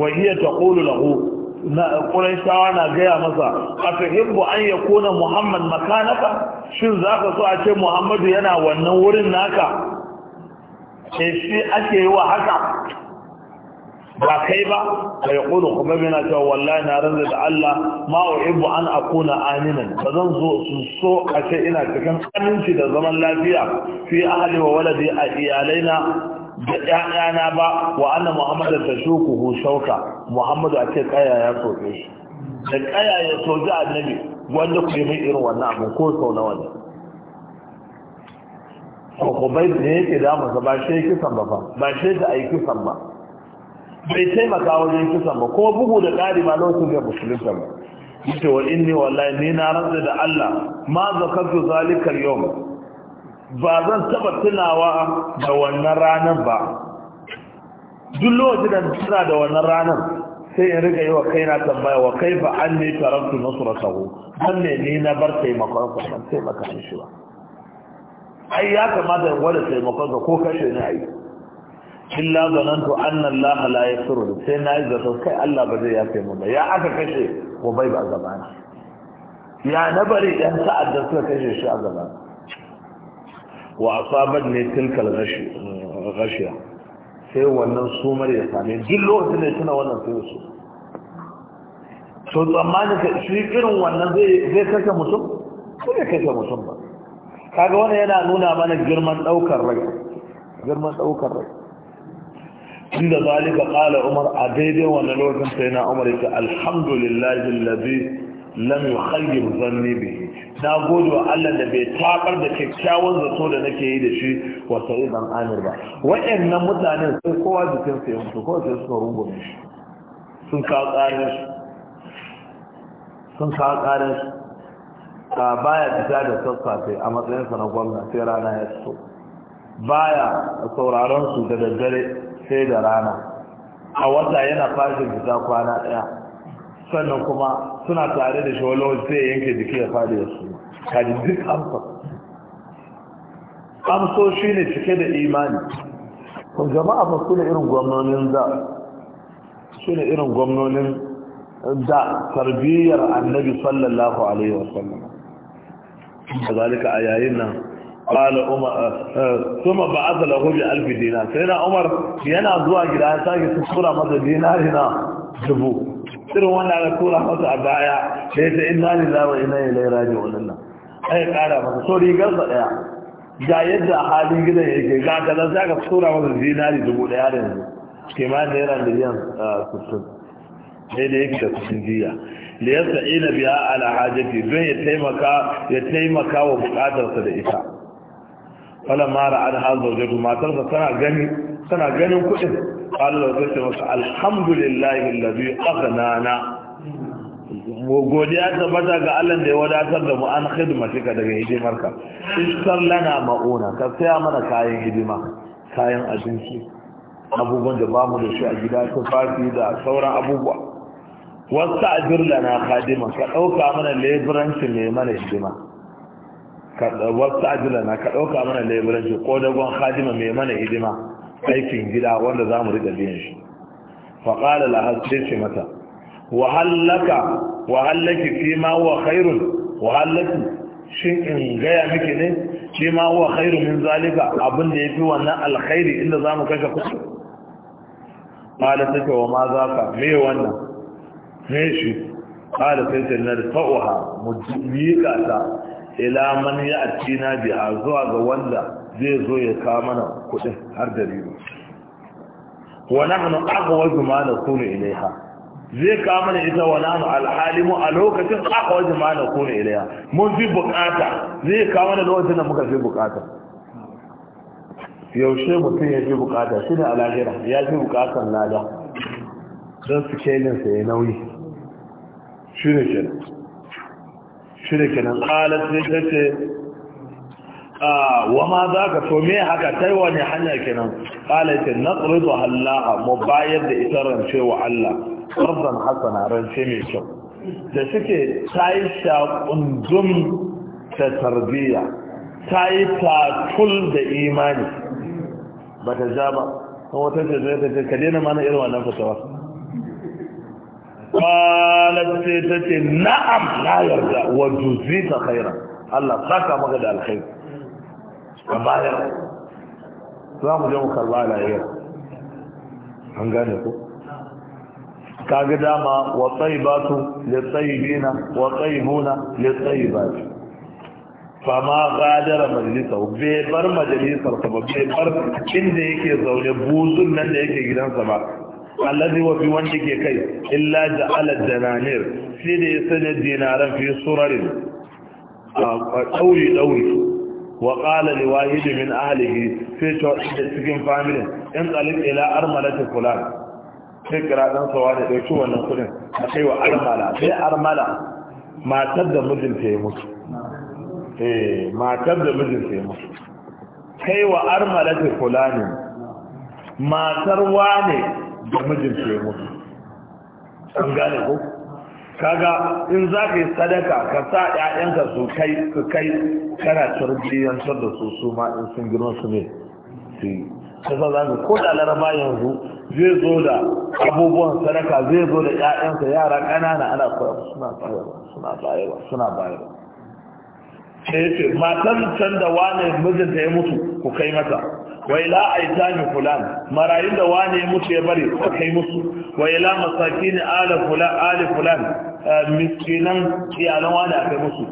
wa hiya taqulu lahu na ƙuraishawa na gaya masa a fahimbu an ya kona muhammad makanaka shin za ka so a ce muhammadu yana wannan wurin naka ke eh, shi ake yi wa haka ba kai ba a ya kudu kuma yana cewa wallahi na ranzu da Allah ma an akuna aminan ba zan zo su so a ce ina cikin aminci da zaman lafiya fi ahli wa waladi a iyalaina da ƴaƴana ba wa anna muhammadan tashukuhu shauka muhammadu a ce kaya ya soke shi da kaya ya soke annabi wanda ku yi irin wannan abu ko sau na wani. to da ne yake damunsa ba shi kisan ba fa ba shi ya yi kisan ba bai taimaka wajen kisan ba ko bugu da ƙari ma lokacin da musulunta ba yace wa inni wallahi ni na rantsa da Allah ma zakatu zalika yau ba zan taba tunawa da wannan ranar ba duk lokacin da tuna da wannan ranar sai in riga yi wa kaina tambaya wa kaifa anni taraktu nasratahu ban ne ni na bar taimakon sa ban taimaka shi ba ai ya kamata in gwada taimakon ka ko kashe ni ai illa zanantu anna Allah la yasuru sai na yi zato kai Allah ba zai yafe mu ba ya aka kashe ko bai ba gabana ya na bari dan ta'adda suka kashe shi a gaba. wa asabat ne tilkal gashiya sai wannan sumar ya same duk lokacin da tuna wannan sai su to tsammani ka shi irin wannan zai zai kashe mutum ko ya kashe mutum ba kaga wannan yana nuna mana girman daukar rai girman daukar rai inda zalika qala umar a daidai wannan lokacin sai na umar ya alhamdulillahi allazi lam yukhayyib zanni bi. na gode wa Allah da bai takar da kyakkyawan zato da nake yi da shi wa sa'id dan amir ba wayannan mutanen sai kowa jikin sai ya mutu kowa sai suka rungume shi sun ka tsare sun ka tsare baya fita da sassafe a matsayinsa na gwamna sai rana ya so baya sauraron su da daddare sai da rana a wata yana fashin fita kwana daya sannan kuma suna tare da wani sai yanke jiki ya fadi ya su kaji duk amsa amso shi ne cike da imani kun jama'a ba su ne irin gwamnonin da su ne irin gwamnonin da tarbiyyar annabi sallallahu alaihi wasallam كذلك آياتنا قال عمر آه، آه، ثم بعث له 1000 دينار سيدنا عمر ينا دعا جدا يساك تسكرا مدى دينار هنا جبو تروا على كل حوث أبايا ليس إنا لله وإنا إليه راجعون أي قال عمر سوري قلت يا جا يدى حالي قد يجي قال كذا ساك تسكرا دينار جبو ليارين كما نيران ليان آه، daidai yake da cikin jiya da ya sa'ina biya ala don ya taimaka ya taimaka wa bukatarsa da ita falon mara an hazo jadu matarsa tana gani tana ganin kuɗin ƙalar da zai masa alhamdulillahi lalabi aghnana godiya tabbata ga Allah da ya wadatar da mu an hidimatika daga hidimarka iskar lana ma'una ka saya mana kayan hidima kayan abinci abubuwan da bamu da shi a gida tufafi da sauran abubuwa wasu ajir lana kadima ka ɗauka mana leburanci mai mana hidima wasu lana ka ɗauka mana mai mana hidima aikin gida wanda za mu riga biyan shi faƙalar lahasce ce mata wahallaka fi ma wa khairun wahallaki shi in gaya miki ne fi ma wa khairun min zalika abin da ya fi wannan alkhairi inda za mu kashe kusa ƙalar take wa ma za ka me wannan Meshi, shi kada sai na narfa'uha mu miƙa ta ila man ya na atina A zuwa ga wanda zai zo ya kawo mana kuɗin har da riba wa nahnu aqwaju ma nakunu ilaiha zai kawo mana ita wa nahnu alhalimu a lokacin aqwaju ma nakunu ilaiha mun fi bukata zai kawo mana lokacin da muka fi bukata yaushe mutum ya fi bukata shi ne a lahira ya fi bukatar lada don su kelinsa ya nauyi shi ne kenan shi ne kenan ƙalar sai ta ce ah, wa ma za ka so me haka ta yi wani hanya kenan ƙalar ce na tsirito hallaha mu bayar da ita rance wa Allah ƙarzan hasana rance mai kyau da suke ta yi shaƙundum ta tarbiyya ta yi tatul da imani ba ta ja ba ce zai ta ce ka daina mana irin wannan fitawa kwanaki ta ce na'am na yarda wadda zai ta khaira Allah ka maka da alkhai a bayan za mu je mukarba a layar an gane ku Ka ga dama watsayi ba su ya tsayi bina watsayi muna ya tsayi ba su fama gadara majalisa bai bar majalisar ba bai bar inda yake zaune buzun nan da yake gidansa ba allazi wa bi wanda ke kai illa ja'ala dananir sai da ya sanya dinaran fi surarin a dauri dauri wa qala li wahid min ahlihi sai to da cikin family in qalib ila armalati fulan sai kira dan sawa da dauki wannan kudin a kai wa armala sai armala matar da mijin ta yi mutu eh matar da mijin mijinta ya mutu kai wa armalati fulani matar wane da mijinta ya mutu sun gane ko kaga in za ka yi sadaka ka sa ‘ya'yanka su kai su kai kana tarbiyyantar da su su ma in sun girma su ne su yi kasa za ka koda laraba yanzu zai zo da abubuwan sadaka zai zo da ‘ya’yanka yara ƙanana ana kwaya suna bayarwa suna bayarwa suna bayarwa sai ya ce matan can da wane mijinta ya mutu ku kai mata wa ila aitani fulan marayun da wane ya mutu ya bari ku kai musu wa ila masakin ala fulan ali fulan eh, miskinan iyalan wane a kai musu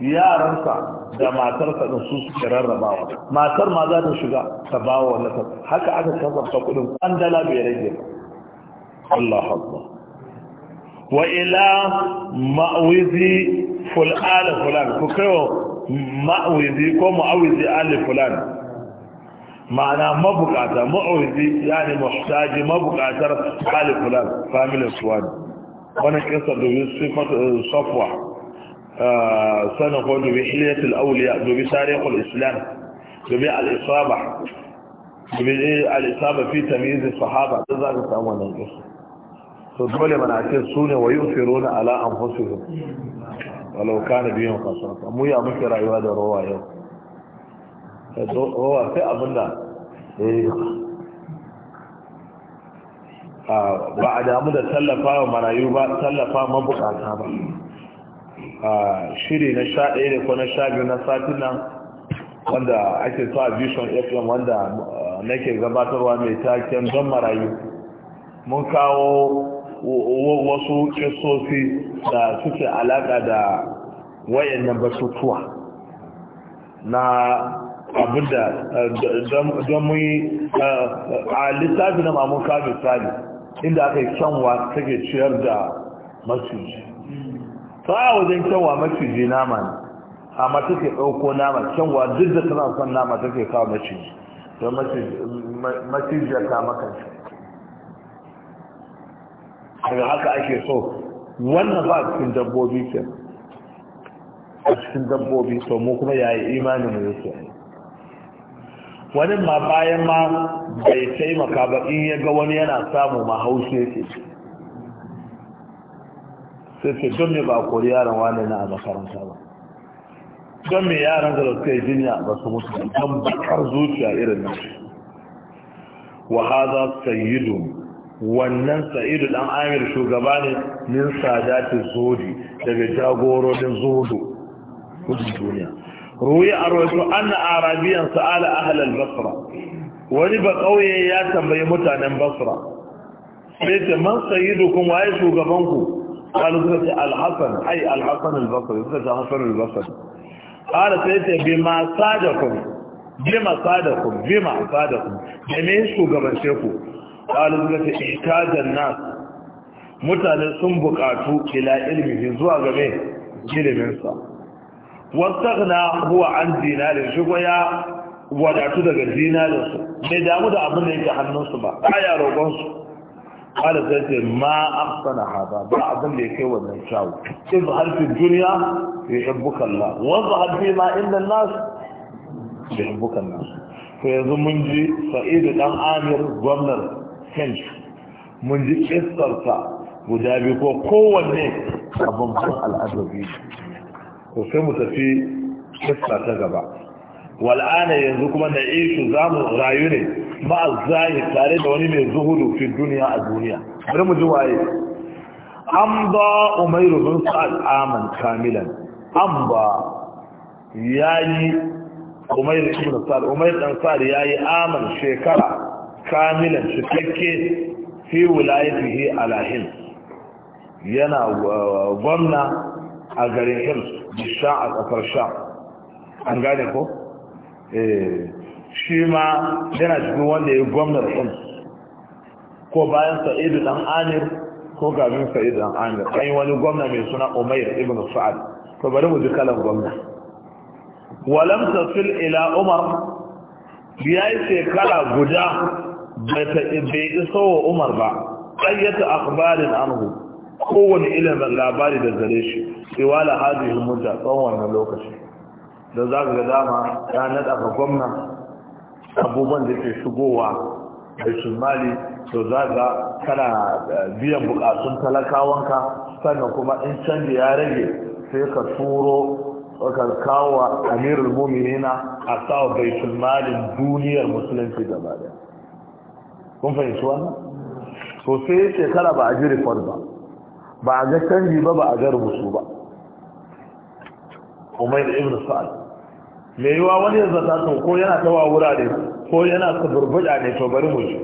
yaransa da matarsa da su suke rarrabawa matar ma za ta shiga ta ba wa wallata haka aka kasarta kudin an dala bai rage Allah Allah wa ila ma'wizi ful'ala fulan ku kai wa ma'awizi ko ma'awizi alif ma'ana mabukata ma'awizi yani muhtaji mabukatar alif fulani family suwani wannan kisa domin sifatu eh, eh, sanin ko domin hiliyatul auliya domin tarihul islam domin al domin al fi tamyiz sahaba da za samu wannan kisa to dole mana ce su ne wa yusiruna ala anfusihim walau kana biyan kasuwa mu ya muke rayuwa da rowa yau rowa sai abinda ya yi ba a damu da tallafa wa marayu ba tallafa mabukata ba shiri na sha ɗaya da ko na sha biyu na satin nan wanda ake so a vision fm wanda eh, nake gabatarwa mai taken don marayu mun kawo wasu kisofi da suke alaka da wayannan batutuwa na abinda don mu yi a lissafi na mamun kabi tsari inda aka yi kyanwa take ciyar da maciji ta wajen kyanwa maciji nama ne mata ke ɗauko nama kyanwa duk da tana son nama take kawo maciji don maciji ya kama kanshi daga haka ake so wannan ba cikin dabbobi ke a cikin dabbobi to mu kuma yayi imanin mu yake wani ma bayan ma bai taimaka ba in ya ga wani yana samu ma haushe ce sai ce don me ba kori yaran wani na a makaranta ba don me yaran da suka yi jinya ba su mutu don bakar zuciya irin nan wa hada sayyidun wannan sa'idu dan amir shugaba ne min sadatin zodi daga jagororin zodo kudin duniya ruwi a rohoto an arabiyan sa'ala Ahlal basra wani ba kauye ya tambayi mutanen basra sai ta man sa'idu kun waye shugabanku kalu suka ce alhassan ai alhassan albasari suka ce hassan albasari kala sai ta bi ma sadakun bi ma sadakun bi ma sadakun da me shugabance ku ƙalu suka ce ihtajan nas mutane sun buƙatu ila ilmihi zuwa game iliminsa wastaghna huwa an dinarin shi ko ya wadatu daga dinarinsu Mai damu da abin da yake hannunsu ba baya roƙonsu قال ذات ما أحسن هذا بعض لك والنشاو wasu في الدنيا يحبك الله واظهر فيما عند الناس يحبك mun ji Sa'idu ɗan آمر ضمنر kanshi mun ji kistarsa guda biyu ko kowanne abin ban al'adabi ko sai mu tafi kista ta gaba wal'ana yanzu kuma na ishu za mu rayu ne ma'a zahi tare da wani mai zuhudu fi duniya a duniya bari mu ji waye an ba umairu bin aman kamilan an ba yayi umairu ibn sa'ad umairu yayi aman shekara kamilan cikakke fi wilayatihi ala hims yana gwamna a garin hims bisha a kafar sha an gane ko shi ma yana cikin wanda ya gwamnar hims ko bayan sa'idu dan amir ko gabin sa'idu dan amir an yi wani gwamna mai suna umair ibn sa'ad Ko bari mu ji kalan gwamna Walamta tasil ila umar ya yi shekara guda bai iso wa umar ba ƙayyata akbarin anhu kowane ilimin labari da zare shi iwala hajji mudda tsawon wannan lokaci da za ga dama ya naɗa ga gwamna abubuwan da ke shigowa da shimali to za ga kana eh, biyan bukatun talakawanka sannan kuma in canji ya rage sai ka turo ka kawo amirin mummina a sawa baitul malin duniyar musulunci gaba daya kun fahimci wannan to sai shekara ba a ji rikwar ba ba a ga canji ba ba a ga rubutu ba Umar da ibn sa'ad me yiwa wani yanzu zata to ko yana tawa wurare ko yana kaburbuda ne to bari mu ji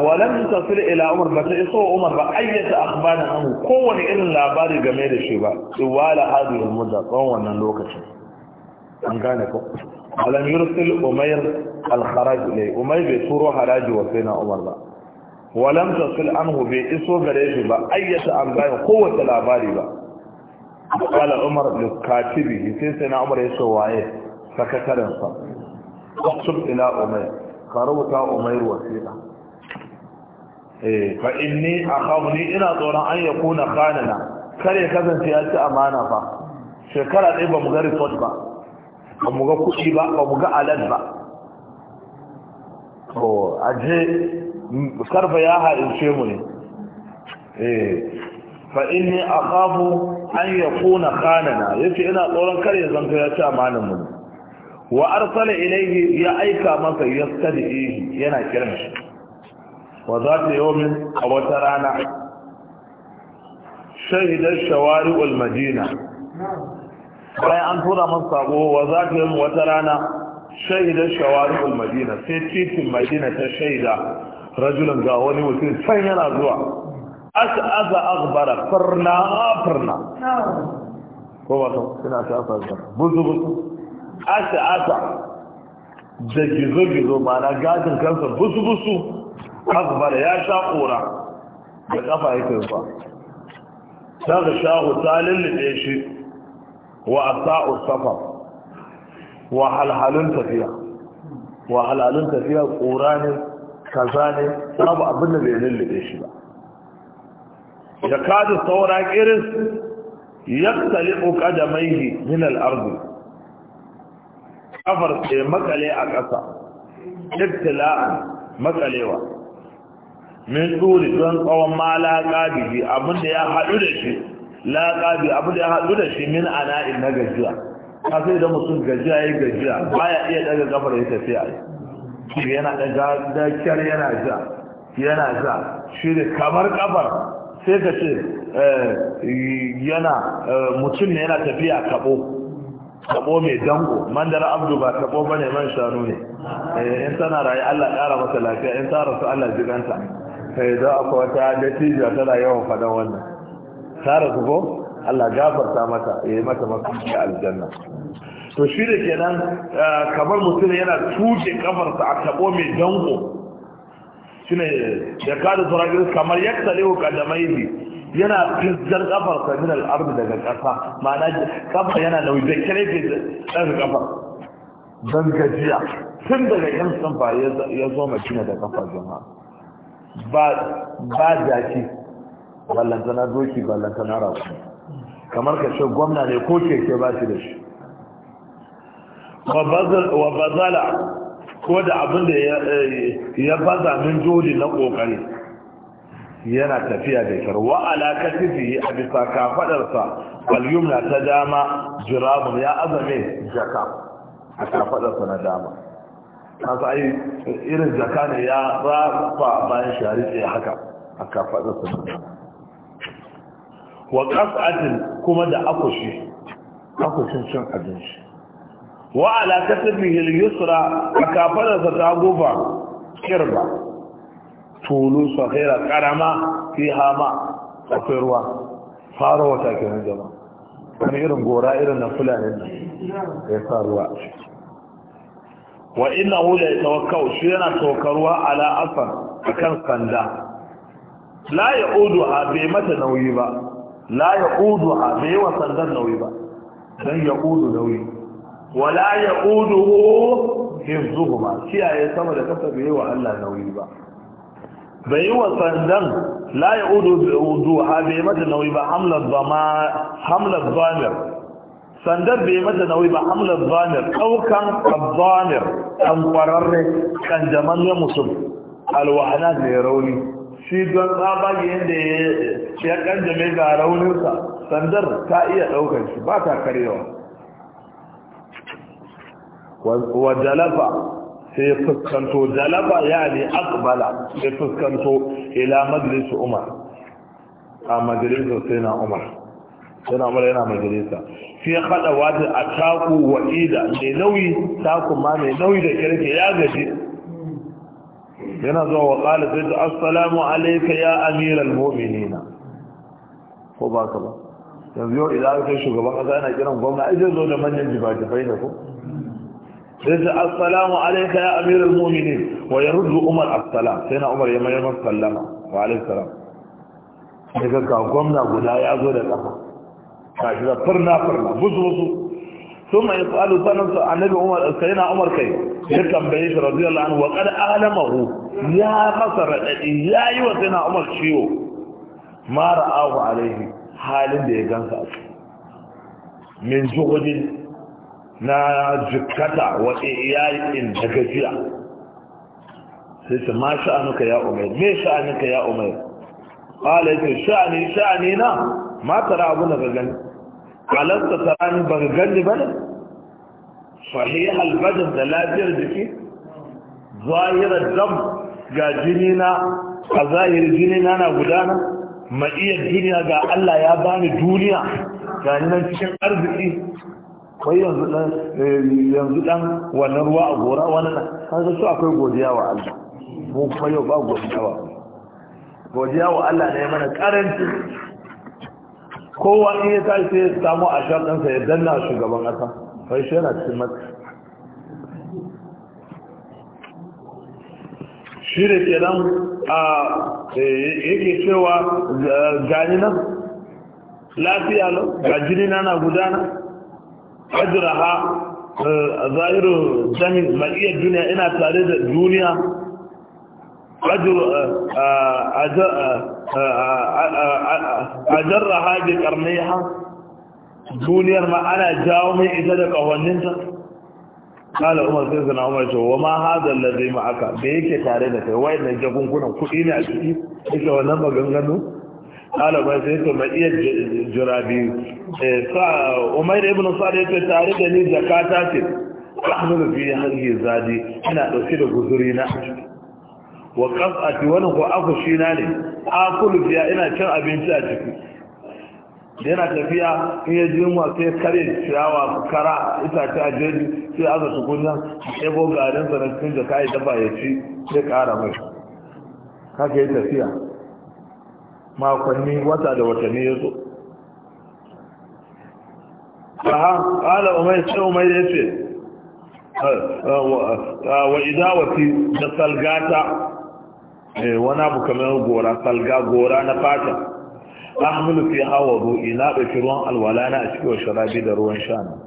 walam tasir ila umar ba ta iso umar ba ayyata akhbaran anhu kowane irin labari game da shi ba wala hadhihi mudda tsawon wannan lokacin an gane ko alam yursil umair al-kharaj bai turo haraji wa umar ba walam tasil anhu iso gare shi ba ayyata an bayan kowace labari ba kala umar da katibi sai sai na umar ya so waye sakataren sa uktub ila umair ka rubuta umair wasiqa eh fa inni akhawni ina tsoron an kasance ya ci amana fa shekara ɗaya ba mu ga report ba ba mu ga kuɗi ba ba mu ga alad ba to aje ba ya ce mu ne eh, fa inni akhafu an yakuna khanana yace ina tsoron kar ya zanto ya ci amanan mu wa arsala ilayhi ya aika masa yastadihi yana kiran shi wa zata yawmin a wata rana shahida shawari al madina bayan an tura masu sabo wa za ta yi wata rana shaida shawarul madina sai titin madina ta shaida rajulan ga wani mutum can yana zuwa aka aza agbara farna farna ko ba ta suna ta farna buzu buzu aka aka da gizo gizo mana gajin kansa buzu buzu agbara ya sha kora da kafa yake ba ta ga shahu ta lullube shi wa asa'u safar wa halhalun tafiya wa halhalun tafiya ƙura ne babu abin da bai lullube shi ba da kaji saura iris yaktali qadamaihi min al-ard kafar sai makale a ƙasa ittila'an makalewa min duri don tsawon malaka bihi abinda ya haɗu da shi laƙabi abu da ya haɗu da shi min ana'in na gajiya ka sai da mutum gajiya ya gajiya baya iya daga kafar ya tafiya shi yana da dakiyar yana ja yana ja shi da kamar kafar sai ka ce eh, yana eh, mutum ne yana tafiya kaɓo kabo mai dango mandara abdu ba kabo ba ne man shanu ne eh, in tana rayu allah kara masa lafiya in ta rasu allah jiganta sai za a kwata da tana yawan faɗan wannan tara rasu ko Allah gafarta mata ya yi mata mafi aljanna to shi da kenan eh, kamar mutum yana tuke kafarsa a tabo mai danko shine ya kada tsoron kamar yadda lewu kadamaihi yana fizzar kafarsa sa min al daga kasa ma'ana kafa yana nauyi da kare ke kafar dan gajiya tun daga yan san ba ya zo mace da kafa jama'a ba ba jaki na doki na raku kamar ka ce gwamna ne ko keke ba shi da shi wa bazala ko da abin da ya eh, baza min jodi na kokari yana tafiya da kyar wa alakatifi a bisa kafadarsa na ta dama Jiramun ya azame jaka a kafadarsa na dama kasa ai irin jaka ne ya rafa bayan shari'a haka a kafadarsa na dama wa qaf'atin kuma da akushi akushin cin abinci wa ala kasbihi al-yusra akafara ta gofa kirba tulu sahira karama fi hama akwai ruwa fara wata kenan jama'a wani irin gora irin na fulani nan ya sa ruwa wa ina hula ya tawakkau shi yana tawakkarwa ala asan a kan sanda la ya odu a bai mata nauyi ba لا يقودها بيوى صندر نوي با لن يقود نوي ولا يقوده حفظهما شيء يسمى لكفة بيوى ألا نوي با بيوى صندر لا يقودها بيوى صندر نوي با حملة حمل الظامر صندر بيوى صندر نوي با حملة الظامر أو كان الظامر كان قرر كان جمال يمسل الوحنات ليروني شيء دون رابع يندي ya kanjame ga rauninsa sandar ta iya ɗaukar shi ba ta karewa wa jalafa sai fuskanto jalafa ya ne akbala sai fuskanto ila majalisu umar a majalisu sai na umar sai na umar yana majalisa fi haɗa wata a taku wa'ida mai nauyi taku ma mai nauyi da kirki ya gaji yana zuwa wa ƙala sai ta assalamu alaika ya amiral mu'minina ko ba ka ba yanzu yau idan aka shugaban kasa yana kiran gwamna ai zai zo da manyan jifa-jifai da ko sai ce assalamu alaika ya amirul mu'minin wa yaruddu umar assalam sai na umar ya mayar masa sallama wa alaikum salam daga ga gwamna guda ya zo da kafa kashi da furna furna buzu buzu ثم يسأل سنة umar نبي عمر سيدنا عمر كيف يكتب بيش رضي الله عنه وقد أعلمه يا مصر يا sai na umar ciwo. mara ahu alaihi halin da ya gansa a ciki min juhudin na jikata wa iyayin da gajiya sai ce ma sha'anuka ya umar me sha'anuka ya umar ƙwala ce sha'ani sha'ani na ma tara abu na gagani ƙalarsa tara ni ba gagani ba ne sahih albadin da lafiyar jiki zahirar dam ga jini na a zahirar jini na na gudana ma'iyar duniya ga Allah ya bani duniya ga nan cikin arziki kai yanzu dan eh, yanzu dan wannan ruwa a gora wannan nan kaga su akwai godiya wa Allah mu kuma yau ba godiya wa godiya wa Allah ne mana karanci kowa in ya tashi sai ya samu a shaɗansa ya danna shugaban kasa. kai shi yana cikin maka. shi da ke nan a e, yake cewa gani nan lafiya lau ga jini na na gudana ajira ha e, zahiru jami maliyar duniya ina tare da duniya ajarra e, ha bi karnai ha duniyar ma ana jawo mai ita da kawanninta kala umar sai sana umar ce wa ma hada ma aka? da yake tare da kai wayannan jagungunan kuɗi ne a ciki yake wannan maganganu kala umar sai to mai iya jirabi eh, sa umar ibn sa'd yake tare da ni zakata ce ahmadu fi hanji zadi ina dauke da guzuri na wa qaf'ati wa nahu akushina ne akulu biya ina cin abinci a ciki yana tafiya in ya ji yunwa sai kare ciyawa kara itace a jeji sai aza tukunya a garinsa na cikin jaka kayi dafa ya ci sai kara mai kake yi tafiya makonni wata da watanni ya zo aha ƙala umar sai umar ya ce eh, wa idawati da salgata eh, wani abu kamar gora salga gora na fata ahmulu fi hawa ru'i na ɗauki ruwan alwala na a cikin sharabi da ruwan shanu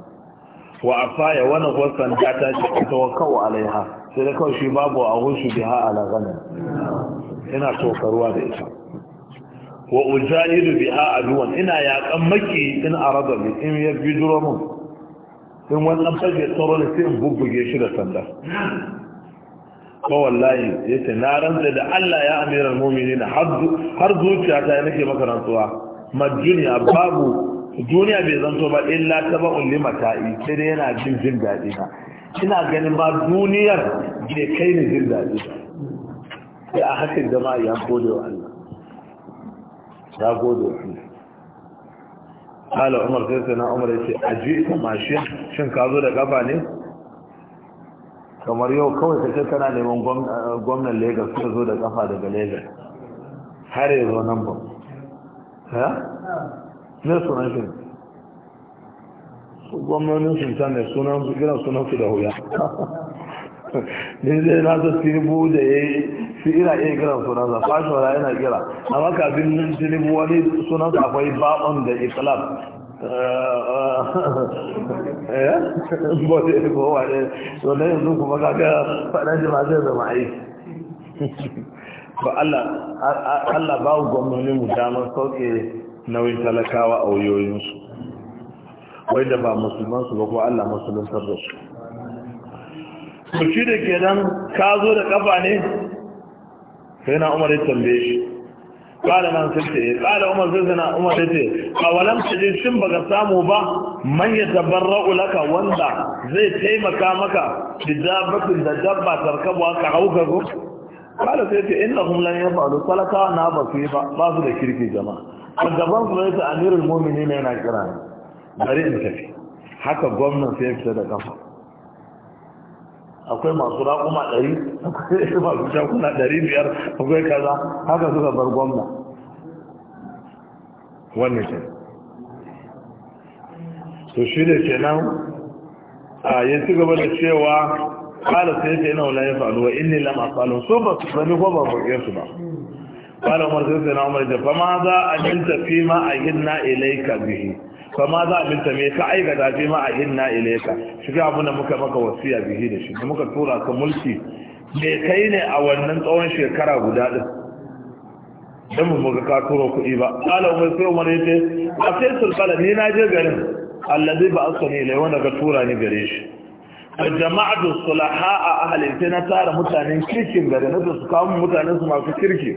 wa afaya wani wasan ta ta ce ta wakawa alaiha sai da kawai shi babu a hunshi biha ala ganin ina tokarwa da ita wa ujahidu a aduwan ina yakan maki in arada bi in ya biduro mun in wannan fage tsaro ne sai in bubbuge shi da sanda Ko wallahi yace na rantsa da Allah ya amiral mu'minina har zuciya ta nake maka rantsuwa majuniya babu duniya bai zanto ba illa ta ba ulli mata'i sai dai yana jin jin daɗi na ina ganin ba duniyar bai kai ni jin daɗi sai a hakan jama'a ya gode wa Allah ya gode wa Allah Umar عمر سيدنا عمر ma أجئت shin ka zo da kafa ne kamar yau kawai ka ce tana neman gwamnan lagos ka zo da kafa daga lagos har yanzu nan ba ha? ne sunan shi su gwamnonin sun ta ne sunan su gina sunan su da huya ne zai na ta da ya yi shi ina iya kiran sunansa fashola yana kira amma kafin tinubu wani sunansa akwai ba'on da ikilab bode ko wane so na yanzu kuma kaga faɗa shi ma zai zama aiki ba Allah ba wa gwamnoni mu damar sauke nauyin talakawa a wuyoyinsu wai da ba musulman su ba ko Allah musuluntar da su ku shi da ke nan ka zo da ƙafa ne sai na umar ya tambaye shi kala nan sai ce kala umar sai sana umar sai ce a walam tajid shin baka samu ba man ya tabarra'u laka wanda zai taimaka maka bidabatin da dabba tarkabuwa ka hauka ko kala sai ce innahum lan yafalu salaka na ba su ba ba su da kirki jama'a a gaban su ne ta amirul mu'minin yana kira bari in tafi haka gwamnan sai ya fita da kafa akwai masu raƙuma ɗari akwai masu shakuna ɗari biyar akwai kaza haka suka bar gwamna wannan ke to shi da ke nan a ya ci gaba da cewa ƙwada sai ke nan wula ya faru wa inni lama falo. so ba su sami ko ba buƙe su ba ƙwada umar sai sai na umar da fama za a jinta fi ma a gina ka bihi kama za a binta me ka aikata fi ma a inna ilaika shiga abin da muka maka wasiya bihi da shi muka tura ka mulki me kai ne a wannan tsawon shekara guda din dan mu ga ka tura kuɗi ba qala umar sai umar yace akai sulfala ni na je garin allazi ba asani ilai wanda ka tura ni gare shi a jama'atu sulaha a ahalin sai na tara mutanen kirkin gari na su kawo mutanen su masu kirki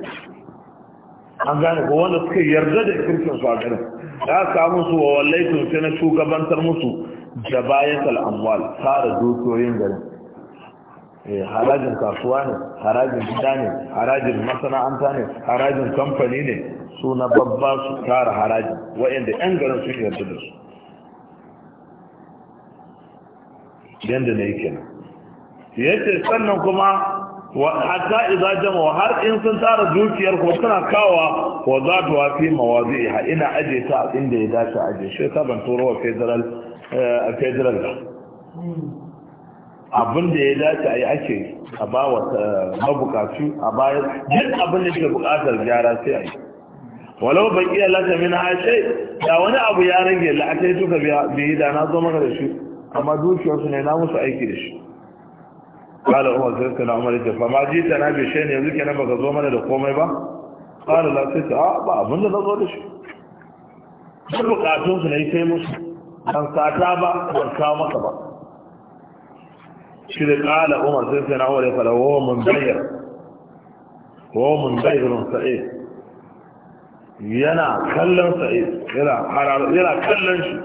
an gane ko wanda suka yarda da kirkin su a garin Ya ka musu wa wallaitun sai na shugabantar musu da bayan al'amwal tara dokiyoyin garin eh, harajin kasuwa ne harajin gida ne harajin masana'anta ne harajin kamfani ne su na babba su tara harajin wa'yanda 'yan garin sun yarda da su yadda na yake nan yace sannan kuma wa hatta idza jama har in sun tsara dukiyar ko suna kawa wa za ta wa fi mawazi'iha ina aje ta inda ya dace aje shi ta ban turo wa federal a eh, federal abin da ya dace a yi ake a ba wa eh, mabukatu a bayan duk abin da ke bukatar gyara sai a yi walau ban iya lata min hace da wani abu ya rage la'atai tuka biyi da na zo maka da shi amma dukiyarsu ne na musu aiki da shi قال هو سيدنا سيدنا عمر يجب فما انا بشين يمكن أنا بغزو من القومة با قال لا سيدنا آه با من ذا ذو لشي جب قاتون سنعي تيموس أن ساتابا ونساو مطبا شكرا قال عمر سيدنا سيدنا عمر يقول وهو من بير هو من بير سعيد ينا كلن سعيد يلا حرار يلا كلن شي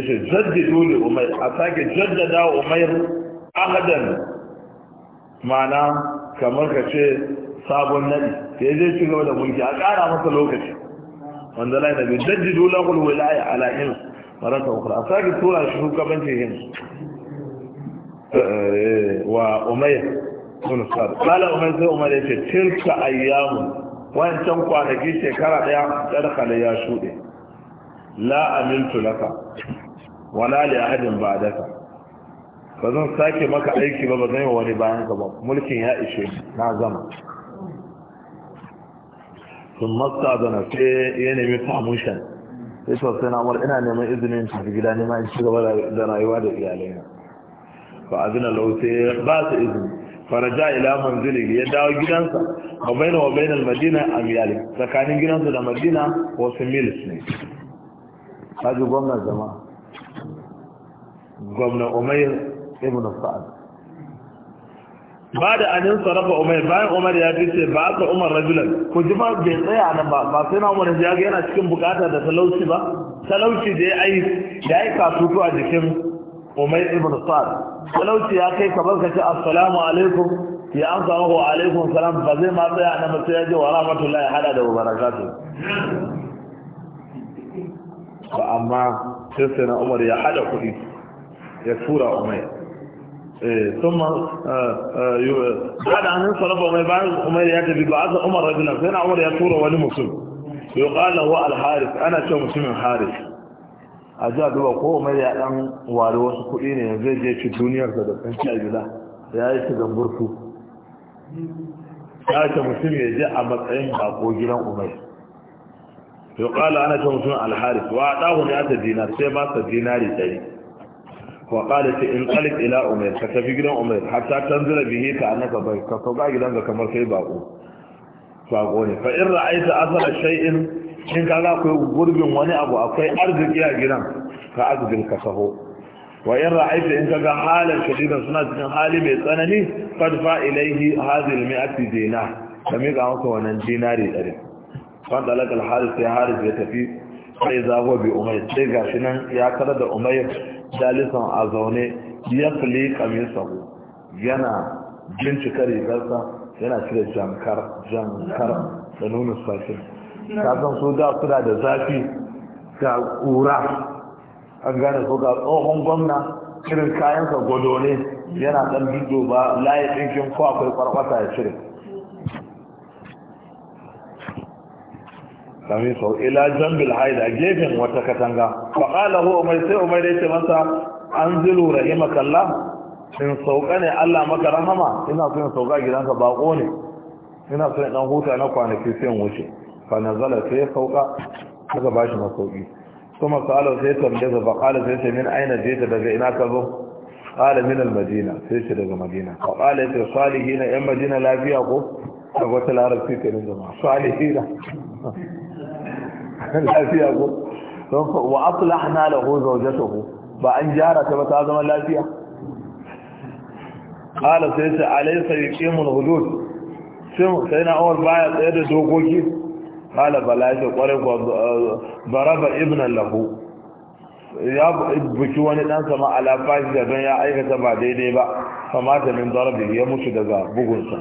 يشي جد دولي أمير أساك جد دا أمير أهدا ma'ana kamar ka ce sabon nadi sai zai ci gaba da mulki a ƙara masa lokaci wanda lai bin dajji dole kul wilaya ala in marata ukra a sake tura shi banke him eh, wa umayya sun sar qala umayya sai umar ce tilka ayyamu wancan kwanaki shekara daya sadaka ya shuɗe la amiltu laka wala li ahadin ba'daka ba zan sake maka aiki ba ba zan yi wani bayan ka ba mulkin ya ishe na zama sun masta zana sai ya nemi permission sai to sai na ina neman izinin tafi gida nema in ci gaba da rayuwa da iyalai na fa azina lau sai ba su izini faraja ila manzili ya dawo gidansa wa baina wa bainal madina amyali tsakanin gidansa da madina wasu milis ne kaji gwamnan zama gwamnan umair ibn sa'ad ba da anin sarrafa umar bayan umar ya ce ba aka umar rajulan ko jima bai tsaya nan ba ba sai na umar ya ga yana cikin bukata da talauci ba talauci da ya yi ya yi a jikin umar ibn sa'ad talauci ya kai kamar ka ce assalamu alaikum ya an samu wa alaikum salam ba zai ma tsaya nan ba sai ya ji wa rahmatullahi hada da barakatu ba amma sai sai na umar ya hada kuɗi ya tura umar ثم بعد أن انصرف عمر عمر يأتي عمر رجلا فين عمر يطور ولمسلم يقال له الحارث أنا شو مسلم الحارث a a duba ko mai ya dan wari wasu kuɗi ne zai je ci duniyar da kanci a gida ya yi ci zamburtu ya ce mutum ya je a matsayin bako gidan umar ya ƙala ana ce mutum wa ɗahu ne sai ba dinari ɗari wa qala in qalib ila umar ka tafi gidan umar hatta tanzila bihi ka annaka bai ka sauka gidan ga kamar kai bako bako ne fa in ra'aita asara shay'in in ka ga akwai gurbin wani abu akwai arziki a gidan ka arzikin ka saho wa in ra'aita in ka ga halin shadidan suna cikin hali mai tsanani fadfa ilaihi hazil almi'ati dinar ka miƙa masa wannan dinari ɗari fadalaka alharis sai haris ya tafi sai zagobe umar sai gashi nan ya karar da umar. dalisan a zaune ya fule kamisa yana bincika rigarsa yana cire jankar jankar da nuna sashi kasan su da suna da zafi ga kura an gane so ga tsohon gwamna irin kayansa gwado ne yana ɗan duddo ba layi ɗinkin ko akwai kwarkwata ya cire kamin sau ila jambil haida gefen wata katanga faƙala hu umar sai umar ya ce masa an zilu rahimakallah in sauka ne allah maka rahama ina so in sauka gidanka bako ne ina so in dan huta na kwanaki sai in wuce fa nazala sai sauka aka bashi masauki kuma sa'alau sai ta tambaye sa faƙala sai ce min aina jeta daga ina ka zo ƙala min almadina sai ce daga madina fa ya sai salihina yan madina lafiya ko a wata larabci kenan jama'a salihina lafiya ko don wa aslahna lahu zawjatuhu ba an jara ta ba ta zama lafiya qala sai ta alaysa yuqimul hudud sai na awar baya tsaye da dokoki qala bala ya kware ko baraba ibnan lahu ya buki wani dan sama ala fashi da don ya aikata ba daidai ba ta min darabi ya mutu daga bugunsa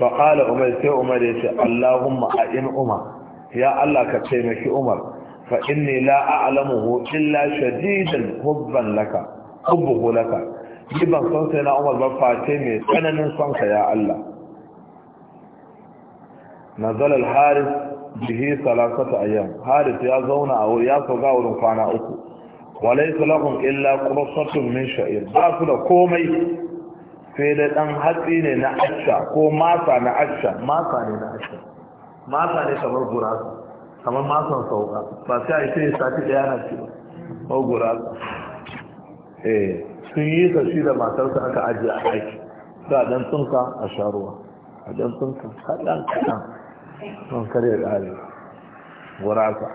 fa qala umar sai umar ya ce allahumma a'in umar ya Allah ka taimaki Umar fa inni la a'lamuhu illa shadidan hubban laka hubbuhu laka ni ban san sai na Umar ba face mai tsananin son ka ya Allah nazal al haris bihi salasata ayyam haris ya zauna a ya soga wurin kwana uku walaysa lahum illa qursatun min sha'ir ba su da komai sai da dan hatsi ne na acca ko masa na acca masa ne na acca masa ne kamar gurasa kamar masan sauka ba sai a yi sai sati daya na ci ba ko gurasa eh sun yi sa shi da matarsa aka ajiye a aiki za a dan tsunka a sharuwa a dan tsunka kaɗan kaɗan don kare ƙare gurasa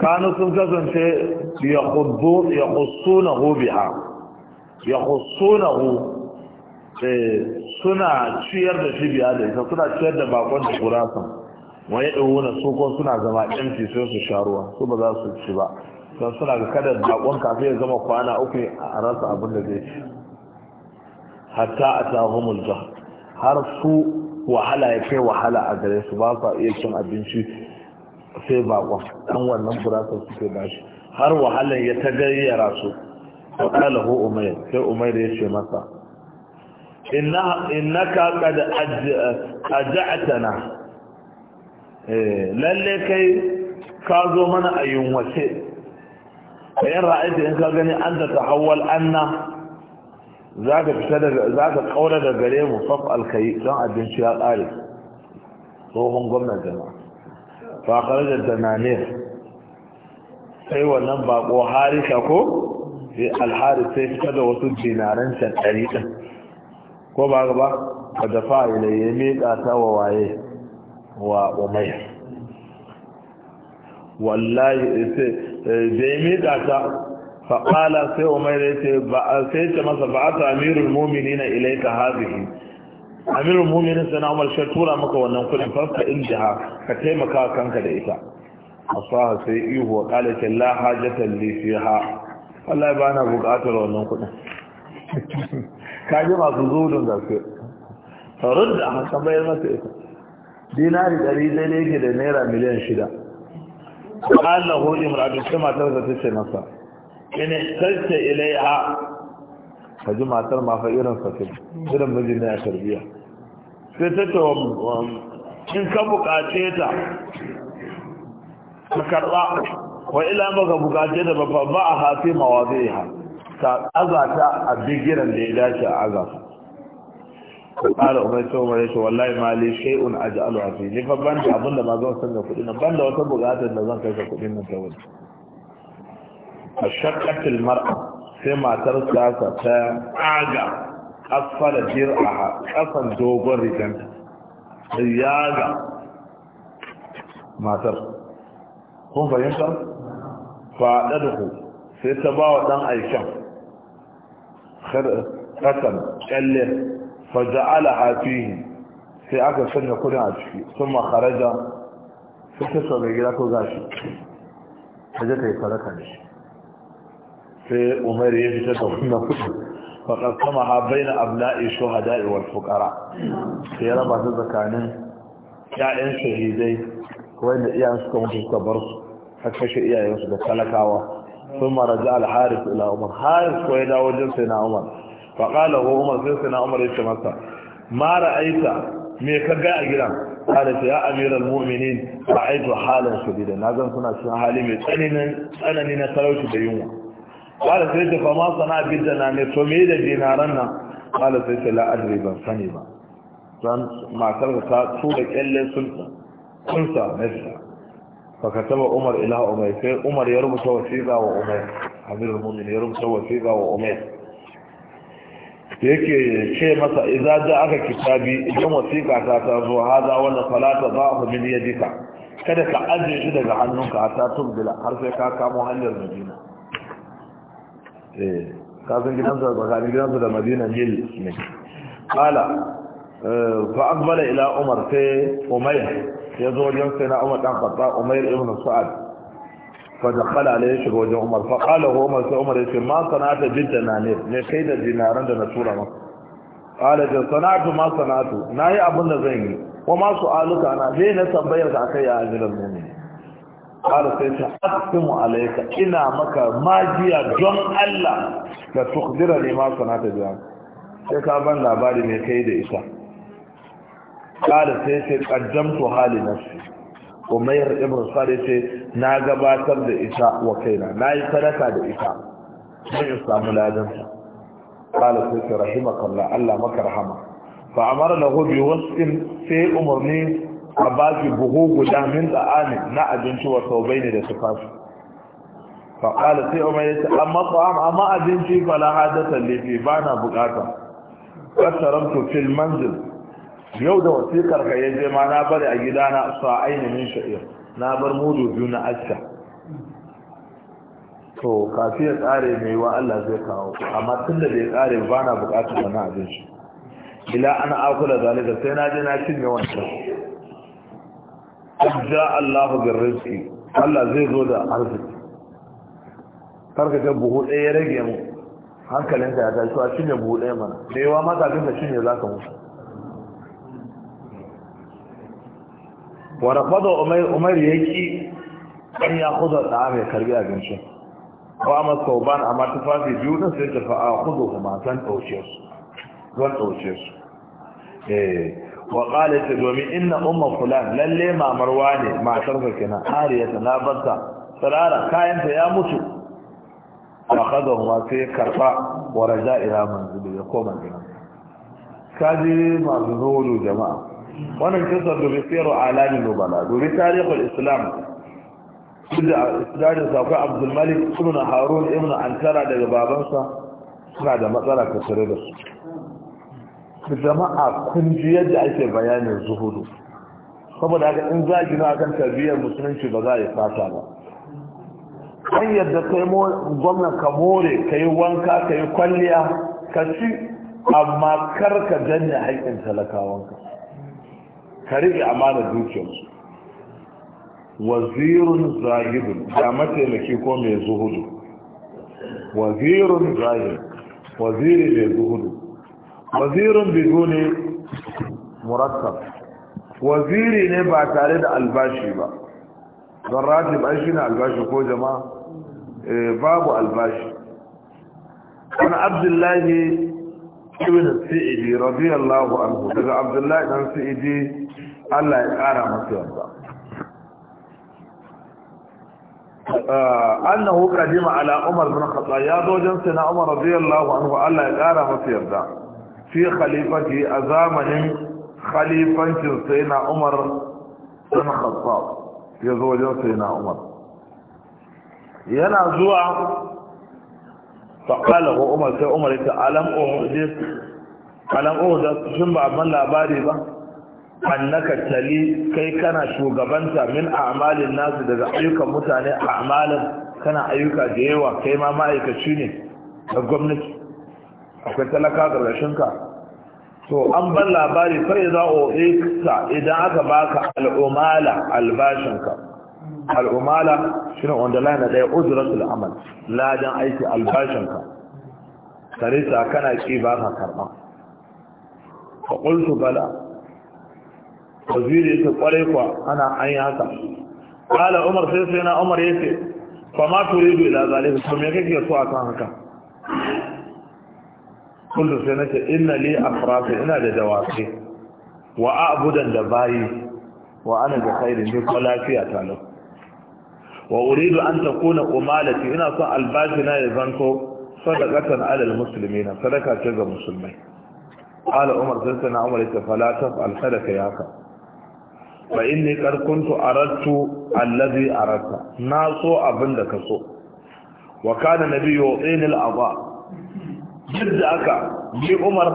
kanu sun kasance ya kudu ya kusu na hu biha ya kusu na hu Eh, suna ciyar da biya da ita suna ciyar da bakon da gurasan wa ya ɗauwuna su ko suna zama ƙyanci sai su sha ruwa su ba za su ci ba don suna ga kada bakon kafin ya zama kwana uku a rasa abin da zai ci hatta a tahumul jah har su wahala ya kai wahala a gare su ba sa iya cin abinci sai bakon ɗan wannan gurasan suke bashi har wahalar ya ta gayyara su wa kala hu sai ya ce masa innaka qad aj'atana eh lalle kai ka zo mana a yunwace bayan ra'aita in ka gani an ta tahawwal anna zaka fita daga zaka kaura daga gare mu faf alkai don abinci ya kare tsohon gwamnatin jama'a fa kharaja tananir sai wannan bako harika ko sai alharis sai fita da wasu dinaran can ɗari ɗin ko ba gaba ba dafa fa'ila ya miƙa ta wa waye wa umayya wallahi sai zai eh, ya miƙa ta faƙala sai umayya ya ce sai ce masa ba a ta amirul mumini na ilaika hazihi amirul mumini sai na umar shi tura maka wannan kudin farka in jiha ka taimaka kanka da ita asaha sai ihu wa kalata la hajatan li fiha wallahi ba na bukatar wannan kudin kaji masu zuɗin gaske rudda a haka bayar masa ita dinari ɗari dai yake da naira miliyan shida ƙwallon hujji muradun sai matar da ta ce nasa ina sarce ilai a? ka ji matar mafa irin sassan irin mijin na tarbiyya sai ta ce in ka buƙace ta ka karɓa wa ila maka buƙace da babba ba a hafi mawazi ha ka azata a bigiran da ya dace a azata kala umar ce umar yace wallahi ma li shay'un aj'alu fi ni fa ban da abinda ba zan san da kudin nan ban da wata bukatar da zan kai ka kudin nan ta wani ashaqqatil mar'a sai matar ta ta aga asfala a. kasan dogon riganta sai yaga matar kun fahimta fa dadu sai ta ba wa ɗan aishan ختم كله فجعلها فيه في اكل سنه كل ثم خرج فكسر رجلك وغاشي فجاءت يفرق عنه في عمر يجي تتوفينا فقد سمح بين ابناء الشهداء والفقراء في ربع الزكاه يا ان شهيدي وين يا انسكم تكبرت فكشي يا يوسف تلكاوه sun maraja al-harith ila umar Haris ko ya dawo wajen sai na umar fa qala umar sai sai na umar ya ce masa mara aita me ka ga a gidan kada ta ya amiral mu'minin halin su gida na zan suna cikin hali mai tsananin tsanani na talauci da yunwa kada sai ta fa ma sana bidana ne to me da dinaran nan kada sai ta la ban sani ba dan matar ta tura kyalle sun kunsa nasa fakataba umar ila umar sai umar ya rubuta wasiƙa wa umar amirul mu'minin ya rubuta wasiƙa wa umar yake ce masa idza ja aka kitabi idan wasiƙa ta ta zo hada wannan salata za'u min yadika kada ka ajiye shi daga hannunka a tatun tubdila har sai ka kamo hanyar madina eh ka san gidan sa tsakanin gidan da madina mil ne qala fa aqbala ila umar sai umayr ya zo wajen sai na umar dan khattab Umar ibn sa'ad fa dakhala alayhi shiga wajen umar fa qala hu umar sai umar yace ma sana'ata bidda na ne kai da dinaran da na tura maka qala ja sana'atu ma sana'atu nayi abin da zan yi ko ma Aluka na dai na tambayar ka yi ya ajiran mu'min Kala sai ta aqsimu alayka ina maka majiya don Allah ka tukhbira ni ma sana'ata biya sai ka ban labari ne kai da isa kada sai ce kaddamtu hali nafsi umayr ibn sari ce na gabatar da ita wa kaina na yi sadaka da ita sai in samu ladanta kada sai ce rahimakallah Allah maka rahama fa amara lahu bi wasfin sai umarni a baki buhu guda min ani na abinci wa saubai ne da tufafi fa qala sai umar ya ce amma ta'am amma abinci fa la hadatha li fi bana bukata kasaramtu fil manzil yau da wasikar ka yaje ma na bari a gidana sa ainihin sha'ir na bar mudu biyu na aska to kafi ya tsare mai wa Allah zai kawo amma tun da bai tsare ba na bukatar na abin shi ila ana akula zalika sai na je na cinye wancan ajja Allahu bin rizki Allah zai zo da arziki karka ta buhu ɗaya ya rage mu hankalinka ya tashi a cinye buhu ɗaya mana da yawa ma kafin ka cinye za ka mutu wa rafada umar yaki an ya khudha da mai karbi abincin wa amma sauban amma tufafi biyu da sai ta fa'a khudhu kuma zan dauce su eh wa qalat domin inna umma fulan lalle mamarwa ne, matar ka kenan ariyata na barta sarara kayanta ya mutu wa khadahu kuma sai karba wa raja ila manzili ya koma gidan kaji masu zuru jama'a wannan kisa gobe a alamin nubala gobe tarihul islam da isnadin Abdul abdulmalik ibn harun ibn antara daga babansa suna da matsala ta tare da su jama'a kun ji yadda ake bayanin zuhudu saboda haka in za gina kan tarbiyyar musulunci ba za a yi fata ba an yadda kai gwamna ka more ka yi wanka ka yi kwalliya ka ci amma kar ka danne haƙƙin talakawanka ka rike amanar dukiyarsu Wazirin zahidun da mataimaki ko mai zuhudu Wazirin zahid waziri mai zuhudu Wazirin bigo ne murakkab waziri ne ba tare da albashi ba don ratib an shi na albashi ko jama'a eh, babu albashi wani abdullahi ibn sa'idi radiyallahu anhu daga abdullahi dan sa'idi Allah ya ƙara masu yanzu ah, annahu qadima ala umar bin khattab ya zo wajen sai na umar radiyallahu anhu Allah ya ƙara masu yarda fi khalifati a zamanin khalifancin sai na umar bin khattab ya zo wajen sai na umar yana zuwa faƙala ko umar sai umar ya ce alam uhudis alam ba abin labari ba annaka tali kai kana shugabanta min a'malin nasu daga ayyukan mutane a'malin kana ayyuka da yawa kai ma ma'aikaci ne na gwamnati akwai talaka rashinka to an ban labari sai za o ikta idan aka baka al'umala albashinka al'umala shi ne wanda lai ɗaya uzuratul amal ladan aiki albashinka karisa kana ki ba ka karɓa ka ƙulsu bala waziri yake kwarai kwa ana an yi haka kala umar sai sai na umar yake fa ma turidu ila zalika to me kake so akan haka kullu sai nake inna li afrafi ina da dawaki wa a'budan da bayi wa ana da khairin ni ko lafiya ta lo wa uridu an takuna umalati ina so albashina ya zanto sadaqatan ala almuslimina sadaka ce ga musulmai qala umar sai sai na umar yake yaka fa inni qad kuntu aradtu allazi aradta na so abin da ka so wa kana nabiyyu yu'ini al-adha aka bi umar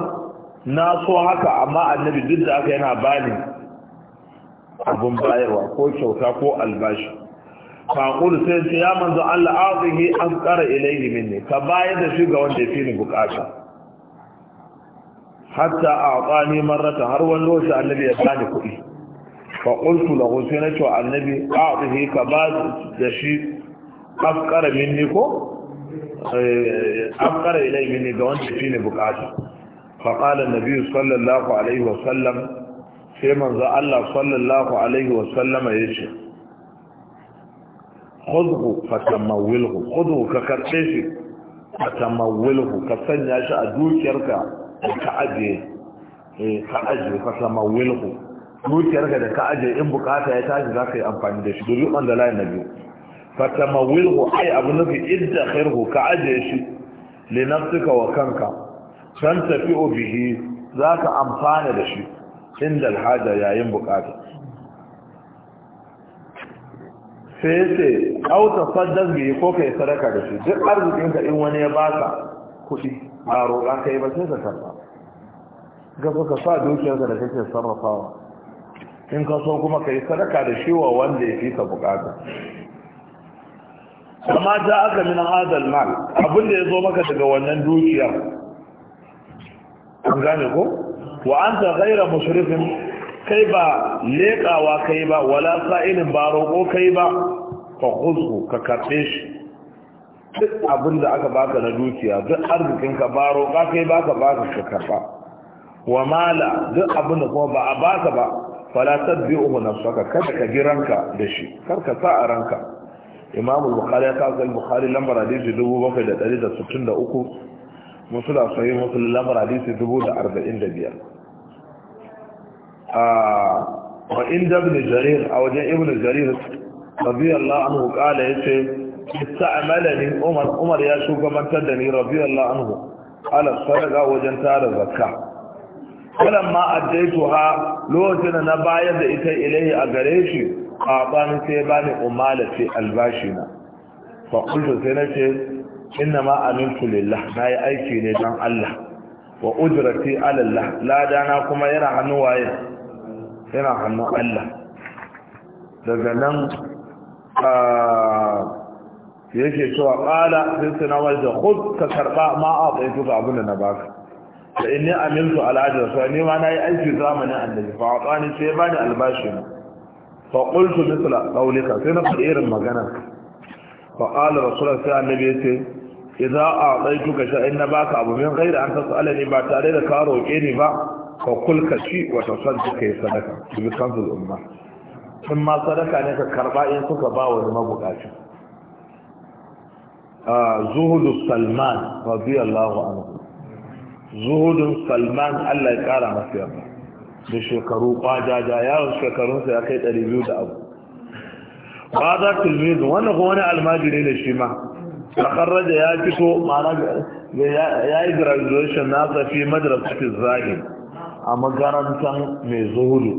na so haka amma annabi duk aka yana bani abun bayarwa ko kyauta ko albashi fa qul sai ce ya manzo Allah azihi azkara ilayhi minni ka bayar da shi ga wanda ya fi ni bukata hatta a'tani marrata har wani lokaci annabi ya bani kuɗi faƙultu da sai na cewa annabi a ɗuhe ka ba da shi afkara minni ko afkara ilai minni ga wanda shi ne bukata faƙalar nabi sallallahu alaihi wasallam sai manzo Allah sallallahu alaihi wasallama ya ce khudhu fatamawilhu khudhu ka karɓe shi fatamawilhu ka sanya shi a dukiyarka ka ajiye ka ajiye fatamawilhu dukiyarka da ka aje in bukata ya tashi za ka yi amfani da shi domin on the line na biyu fatama wilhu ai abu nufi idda khairhu ka aje shi li nafsika wa kanka san tafi'u bihi za ka amfana da shi inda alhaja yayin bukata sai ce auta saddan biyu ko kai sadaka da shi duk arzikinka in wani ya baka kuɗi a roƙa kai ba sai ka karɓa gaba ka sa dukiyarka da kake sarrafawa in ka so kuma ka yi sadaka da shi wa wanda ya fi ka bukata amma ta aka min hadal mal abin da ya zo maka daga wannan dukiya an gane ko wa anta ghayra mushrifin kai ba lekawa kai ba wala sa'ilin ba roƙo kai ba ka khuzhu ka karɓe shi duk abin da aka baka na dukiya duk arzikin ka ba roƙa kai baka baka ka karɓa. wa mala duk abin da kuma ba a baka ba fala tadbi'uhu nafsaka kada ka ji ranka da shi kar ka sa a ranka imam al-bukhari ya kawo al-bukhari lambar hadisi 7163 musu da sahih muslim lambar hadisi 1045 ah wa inda ibn jarir a wajen ibn jarir radiyallahu anhu kala yace ista'malani umar umar ya shugabantar da ni rabbi radiyallahu anhu ala sadaqa wajen tara zakka kalan ma addaitu ha lokacin da na bayar da ita ilahi a gare shi a bani sai bani umala albashi na fa kullu sai na ce inna ma amintu lillah na yi aiki ne don Allah wa ujrati alallah lada na kuma yana hannu waye yana hannun Allah daga nan yake cewa kala sai suna wajen hud ka karba ma a tuka abin da na baka da inni amintu al'ajar sa ni ma na yi aiki zamanin annabi Ba a tsani sai ba ni albashi na fa qultu mithla qawlika sai na faɗi irin magana fa qala rasulullah sai annabi ya ce idza a'taytuka shay'in na baka abu min ghairi an tas'alani ba tare da ka roƙe ni ba fa kul ka ci wa tasaddaqa kai sadaka bi kanzul umma in ma sadaka ne ka karba in suka ba wani mabukaci ah, zuhudu salman radiyallahu anhu zuhudun salman allah ya kara masa yamma da shekaru kwajaja yawon shekarunsa ya kai 200 da abu ba za tilmizin wannan kuma wani almajiri ne shi ma takarraja ya fito ma'ana ya yi graduation na tafi madrasatin zahir a magarantar mai zuhudu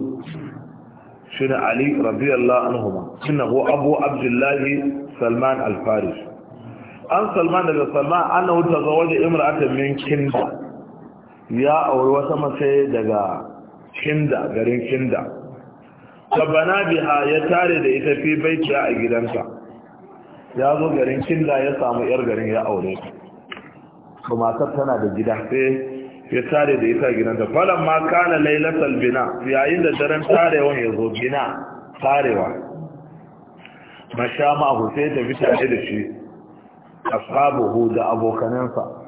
shi ne ali radiyallahu anhuma shine ko abu abdullahi salman alfaris an salman daga salman ana wuta zawaje imra'atan min kinda ya auri wata mace daga kinda garin kinda bana biha ya tare da ita fi baitiya a gidansa ya zo garin kinda ya samu yar garin ya aure to matar tana da gida sai ya tare da ita a gidansa falan ma kana lailatul bina yayin da daren tarewan ya zo bina tarewa ma hu sai ta fita da shi ashabuhu da abokanansa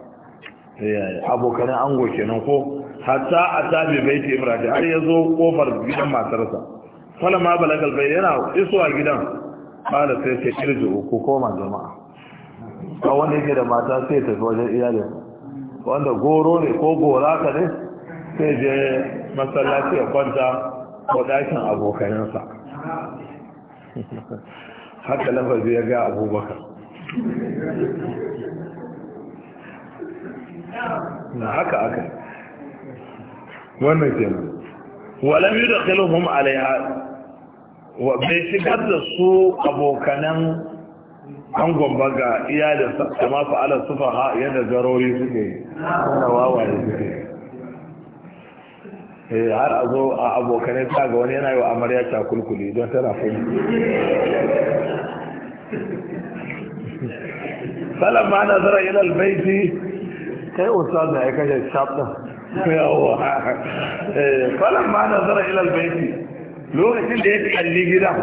Eh, Abokanin ango kenan ko hatta a tabi bai har ya zo kofar gidan matarsa fala ma balagal bai yana isuwa gidan kala sai ke kirji ko koma jama'a ba wanda yake da mata sai tafi wajen iyalin wanda goro ne ko gora ka ne sai je masallaci ya kwanta ko dakin abokanansa haka lafazi ya ga abubakar na haka aka wannan kenan walam yudkhiluhum alaiha wa bai shigar da su abokanan an gomba ga iyalinsa kama fa'alar sufaha yadda garori suke na wawaye suke eh, har a zo a abokanai ta ga wani yana yi wa amarya kulkuli don tana fuli salam ma nazara ilal baiti kai ustaz da ya kashe shaf din yawa eh, falan ma zara ilal baiti lokacin da ya kalli gidan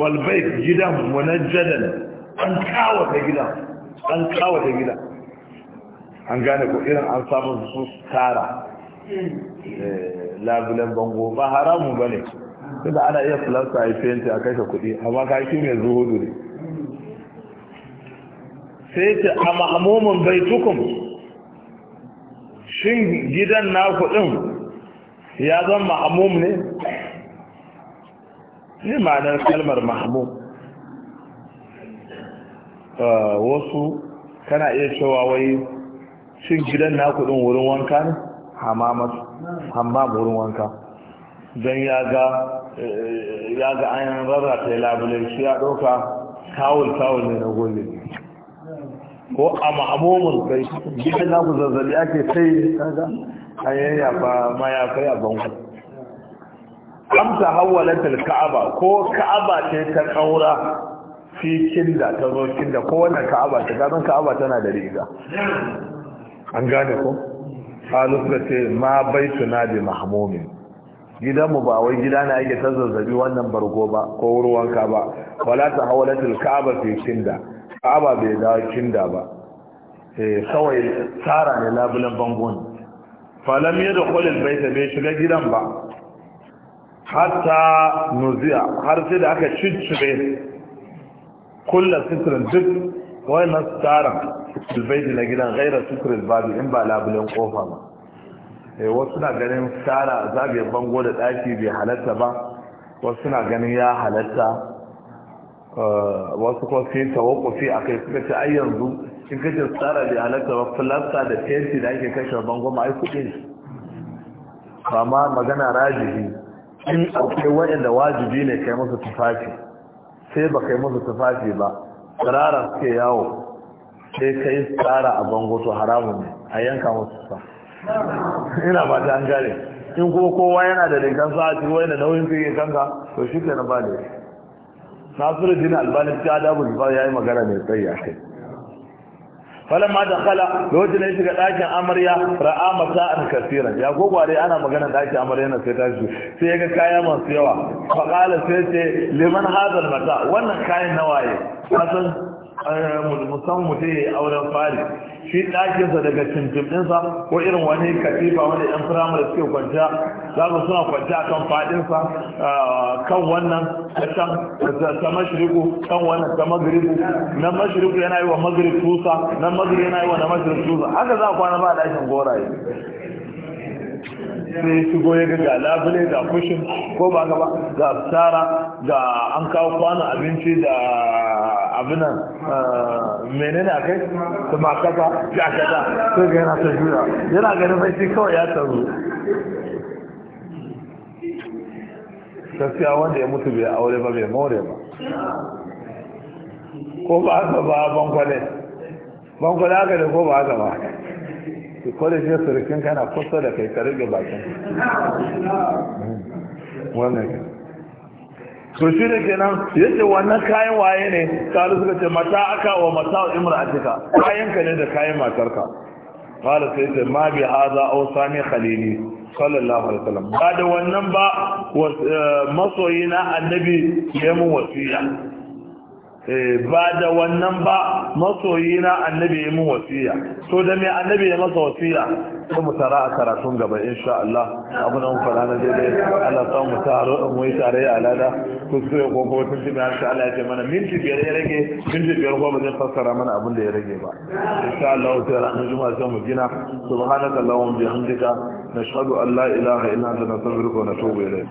wal gidan jadal an kawata gida an kawata gidan an gane ko irin an samu su tara eh, labulan bango ba haramu ba ne. tunda ana iya filasta a fenti a kashe kuɗi amma ka shi mai zuhudu ne sai ce a ma'amomin baitukun shin gidan na kudin ya zan ma'amum ne ne ma'anar kalmar ma'amum wasu kana iya cewa wai shin gidan na kudin wurin wanka ne hamamas wurin wanka don ya ga eh, an rarrata ya labule shi ya ɗauka kawul kawul ne na gole ko a ma'amomin kai gidan naku zazzabi ake sai kaga hayayya ba ma ya kai a banku amsa hawalatul ka'aba ko ka'aba ce ta kaura fi kinda ta zo kinda ko wannan ka'aba ta gaban ka'aba tana da riga an gane ko halu suka ce ma bai suna da mahmumin gidanmu ba wai gida na ake ta zazzabi wannan bargo ba ko ruwanka ba wala ta hawalatul ka'aba fi kinda aba bai dawo kinda ba eh, kawai tsara ne labulan bangon falam yadda kwalil bai ta bai shiga gidan ba hatta nuziya har sai da aka cicire kulla sitirin duk wayannan tsarin bilbaiti na gidan gaira sitirin babu in ba labulan kofa ba eh, wasu na ganin tsara zagaye bango da ɗaki bai halatta ba wasu na ganin ya halatta Eh, wasu kuma ta wakwafi a kai suka ce ai yanzu in kace tsara da halatta wa filasta da fenti da ake kashe bango ma ai kuɗi ba ma magana rajibi in akwai waɗanda wajibi ne kai musu tufafi sai ba kai musu tufafi ba tsirara suke yawo sai kai tsara a bango to haramun ne a yanka musu sa ina ba ta an gane in kuma kowa yana da rigan sa'a ci wai da nauyin fiye kanka to shi ke na ba da nasiruddin albani ta adabu Ya yi magana mai tsayi a kai falamma da khala lokacin da ya shiga ɗakin amarya ra'a masa'an kasiran ya gogware ana magana ɗakin amarya na sai ta shi sai ya ga kaya masu yawa faƙala sai ce liman hazar mata wannan kayan nawaye kasan musamman mutum ya yi auren fari shi ɗakinsa daga cimpinsa ko irin wani katifa wani yan firamare suke kwanciya za su suna kwanciya kan faɗinsa kan wannan can ta mashiriku kan wannan ta magribu Nan mashiriku yana yi wa magrib tusa na magrib yana yi wa na mashirib tusa haka za a kwana ba a ɗakin goraye sai shigo ya ga labule ga kushin ko ba gaba ga tsara ga an kawo kwana abinci da abinan eh, menene a kai su makasa ya kada sai ga yana ta jura yana ganin mai shi kawai ya taru gaskiya wanda ya mutu bai aure ba bai more ba ko ba haka ba bankwale bankwale aka da ko ba haka ba ki kwada shi surukin kana kusa da kai karin da bakin wannan so shi da kenan yace wannan kayan waye ne kalu suka ce mata aka wa mata imra'atika kayan ka ne da kayan matarka qala sai ce ma bi hadha aw sami khalili sallallahu alaihi wasallam ba da wannan ba eh, masoyina annabi ya mu wasiya Eh, ba da wannan ba masoyi na annabi ya mun wasiya to da mai annabi ya masa wasiya ko mu tara a karatun gaba insha Allah abu nan fara na daidai Allah ta mu taro mu yi tare a lada ko su ya gogo tun tibi har sha Allah ya ce mana minti biyar ya rage minti biyar ko ba zai fassara mana abin da ya rage ba insha Allah ta ranar juma'a sai mu gina subhanaka allahumma bihamdika nashhadu an la ilaha illa anta nastaghfiruka wa natubu ilayk